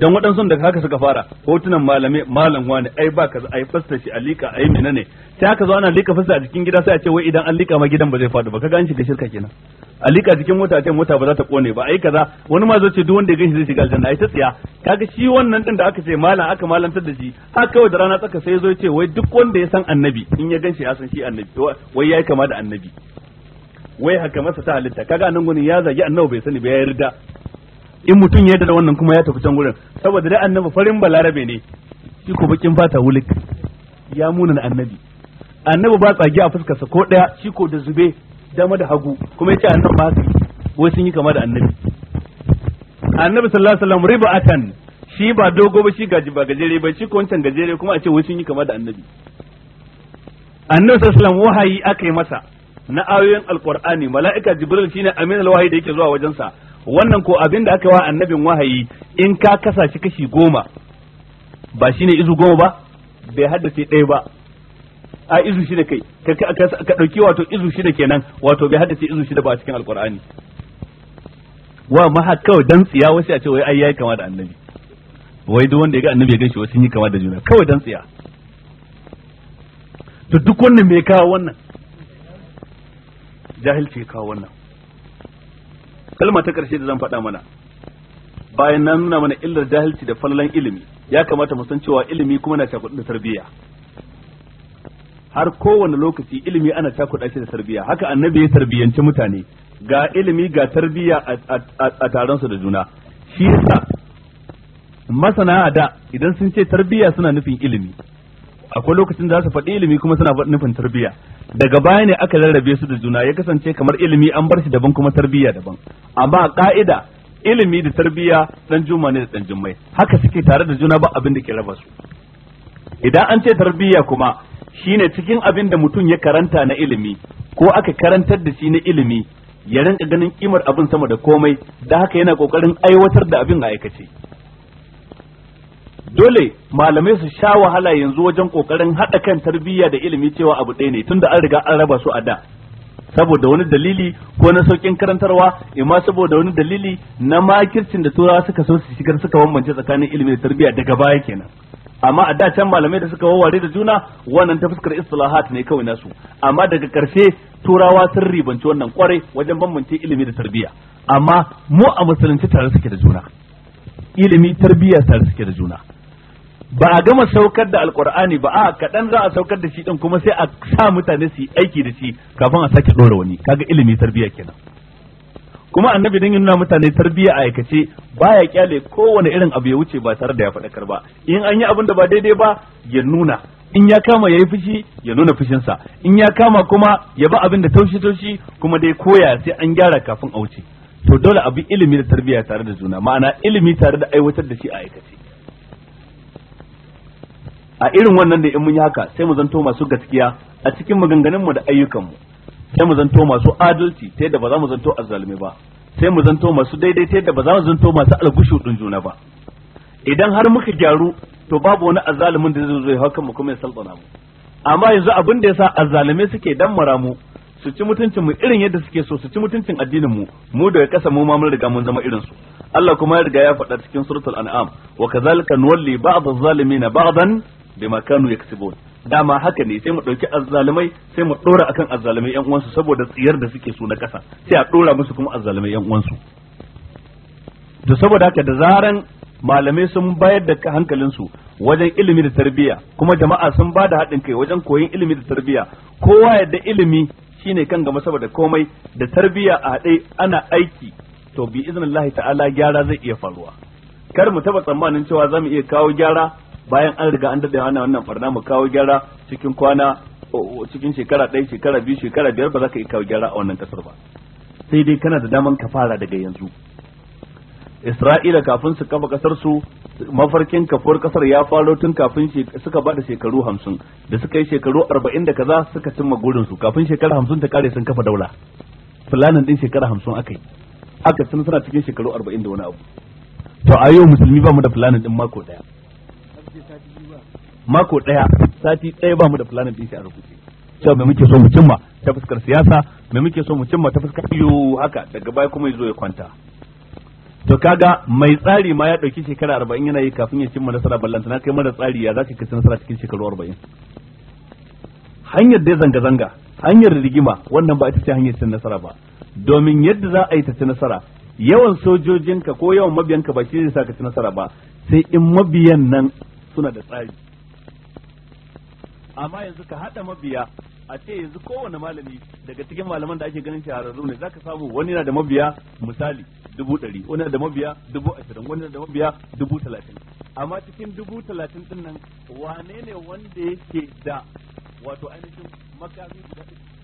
Speaker 1: dan waɗansu daga haka suka fara hotunan malamai malam wani ai ba kaza ai fasta shi alika ai mina ne sai aka zo ana lika fasta a cikin gida sai a ce wai idan an lika ma gidan ba zai faɗo ba kaga an shiga shirka kenan alika cikin mota ta ce mota ba za ta kone ba ai kaza wani ma zai ce duk wanda ya ganshi zai shiga aljanna ai ta tsiya kaga shi wannan din da aka ce malam aka malantar da shi haka kawai da rana tsaka sai zo ce wai duk wanda ya san annabi in ya ganshi ya san shi annabi wai yayi kama da annabi wai haka masa ta halitta kaga nan gunin ya zagi annabi bai sani ba ya yarda in mutum ya da wannan kuma ya tafi can gurin saboda dai annabi farin balarabe ne shi ko bakin fata wulik ya munana annabi annabi ba tsage a fuskarsa ko daya shi ko da zube dama da hagu kuma yace annabi ba haka wai sun yi kama da annabi annabi sallallahu alaihi wasallam ribatan shi ba dogo ba shi gaji ba gajere ba shi ko wancan gajere kuma a ce wai sun yi kama da annabi annabi sallallahu alaihi wasallam wahayi aka yi masa na ayoyin alqur'ani mala'ika jibril shine amin alwahi da yake zuwa wajensa wannan ko abin da aka wa annabin wahayi in ka kasa shi kashi goma ba shine izu goma ba bai haddace ɗaya ba a izu shida kai ka ɗauki wato izu shida kenan wato bai haddace izu shida ba cikin alkur'ani wa ma kawai dan tsiya wasu a ce wai ai yayi kama da annabi wai duk wanda ya ga annabi ya gaishe wasu yi kama da juna kawai dan tsiya to duk wannan me kawo wannan jahilci ya kawo wannan kalma ta karshe da zan faɗa mana bayan na nuna mana illar jahilci da falalan ilimi ya kamata mu san cewa ilimi kuma na cakuɗa da tarbiyya har kowane lokaci ilimi ana cakuɗa shi da tarbiyya haka annabi ya tarbiyyanci mutane ga ilimi ga tarbiyya a taron su da juna shi yasa masana da idan sun ce tarbiyya suna nufin ilimi akwai lokacin da za su faɗi ilimi kuma suna nufin tarbiyya daga baya ne aka rarrabe su da juna ya kasance kamar ilimi an bar shi daban kuma tarbiyya daban amma ka'ida ilimi da tarbiyya dan juma ne da dan jummai haka suke tare da juna ba abin da ke raba su idan an ce tarbiyya kuma shine cikin abin da mutum ya karanta na ilimi ko aka karantar da shi na ilimi ya rinka ganin kimar abin sama da komai da haka yana kokarin aiwatar da abin a aikace dole malamai su sha wahala yanzu wajen kokarin haɗa kan tarbiyya da ilimi cewa abu ɗaya ne tunda an riga an raba su a da saboda wani dalili ko na saukin karantarwa imma saboda wani dalili na makircin da turawa suka so su shigar suka bambance tsakanin ilimi da tarbiyya daga baya kenan amma a da can malamai da suka wawware da juna wannan ta fuskar istilahat ne kawai nasu amma daga karshe turawa sun ribanci wannan kwarai wajen bambance ilimi da tarbiyya amma mu a musulunci tare suke da juna ilimi tarbiyya tare suke da juna ba a gama saukar da alkur'ani ba a kaɗan za a saukar da shi ɗin kuma sai a sa mutane su yi aiki da shi kafin a sake ɗora wani kaga ilimi tarbiyya kenan kuma annabi dan nuna mutane tarbiyya a aikace baya kyale kowane irin abu ya wuce ba tare da ya faɗakar ba in an yi abin da ba daidai ba ya nuna in ya kama ya yi fushi ya nuna fushinsa in ya kama kuma ya ba abin da taushi taushi kuma dai koya sai an gyara kafin a wuce to dole abu ilimi da tarbiyya tare da juna ma'ana ilimi tare da aiwatar da shi a aikace a irin wannan da in mun yi haka sai mu zanto masu gaskiya a cikin maganganun mu da ayyukan mu sai mu zanto masu adalci ta yadda ba za mu zanto azzalumi ba sai mu zanto masu daidai ta yadda ba za mu zanto masu algushu din juna ba idan har muka gyaru to babu wani azzalumin da zai zo ya hauka mu kuma ya saltsana mu amma yanzu abin da yasa azzalume suke dan mu su ci mutuncin mu irin yadda suke so su ci mutuncin addinin mu mu da ya kasa mu ma mun riga mun zama irin su Allah kuma ya riga ya faɗa cikin suratul an'am wa kazalika nuwalli ba'd az-zalimin ba'dan ma kanu yaksubun dama haka ne sai mu ɗauki azzalumai sai mu ɗora akan azzalumai yan uwansu saboda tsiyar da suke su na kasa sai a ɗora musu kuma azzalumai yan uwansu da saboda haka da zaran malamai sun bayar da hankalinsu wajen ilimi da tarbiyya kuma jama'a sun ba da haɗin kai wajen koyon ilimi da tarbiyya kowa yadda ilimi shine kan gama saboda komai da tarbiyya a haɗe ana aiki to bi iznillahi ta'ala gyara zai iya faruwa kar mu taba tsammanin cewa za mu iya kawo gyara bayan an riga an daɗe ana wannan farna mu kawo gyara cikin kwana cikin shekara ɗaya shekara biyu shekara biyar ba za ka yi kawo gyara a wannan ƙasar ba sai dai kana da daman ka fara daga yanzu isra'ila kafin su kafa ƙasar su mafarkin kafuwar ƙasar ya faro tun kafin suka bada shekaru hamsin da suka yi shekaru arba'in da kaza suka cimma gurin su kafin shekara hamsin ta kare sun kafa daula fulanin din shekara hamsin aka yi aka tun suna cikin shekaru arba'in da wani abu to a yau musulmi ba mu da fulanin din mako daya mako ɗaya sati ɗaya ba mu da planin din a rubuce cewa me muke so mu cimma ta fuskar siyasa me muke so mu cimma ta fuskar iyo haka daga baya kuma yazo ya kwanta to kaga mai tsari ma ya ɗauki shekara 40 yana yi kafin ya cimma nasara ballanta na kai mara tsari ya zaka nasara cikin shekaru arba'in. hanyar da zanga zanga hanyar rigima wannan ba ita ce hanyar cin nasara ba domin yadda za a yi ta ci nasara yawan sojojinka ko yawan mabiyanka ba shi zai sa ka ci nasara ba sai in mabiyan nan suna da tsari amma yanzu ka hada mabiya a ce yanzu kowane malami daga cikin malaman da ake ganin shahararru ne zaka samu wani na da mabiya misali dubu ɗari wani na da mabiya dubu ashirin wani na da mabiya dubu talatin amma cikin dubu talatin din nan wane ne wanda yake da wato ainihin makami guda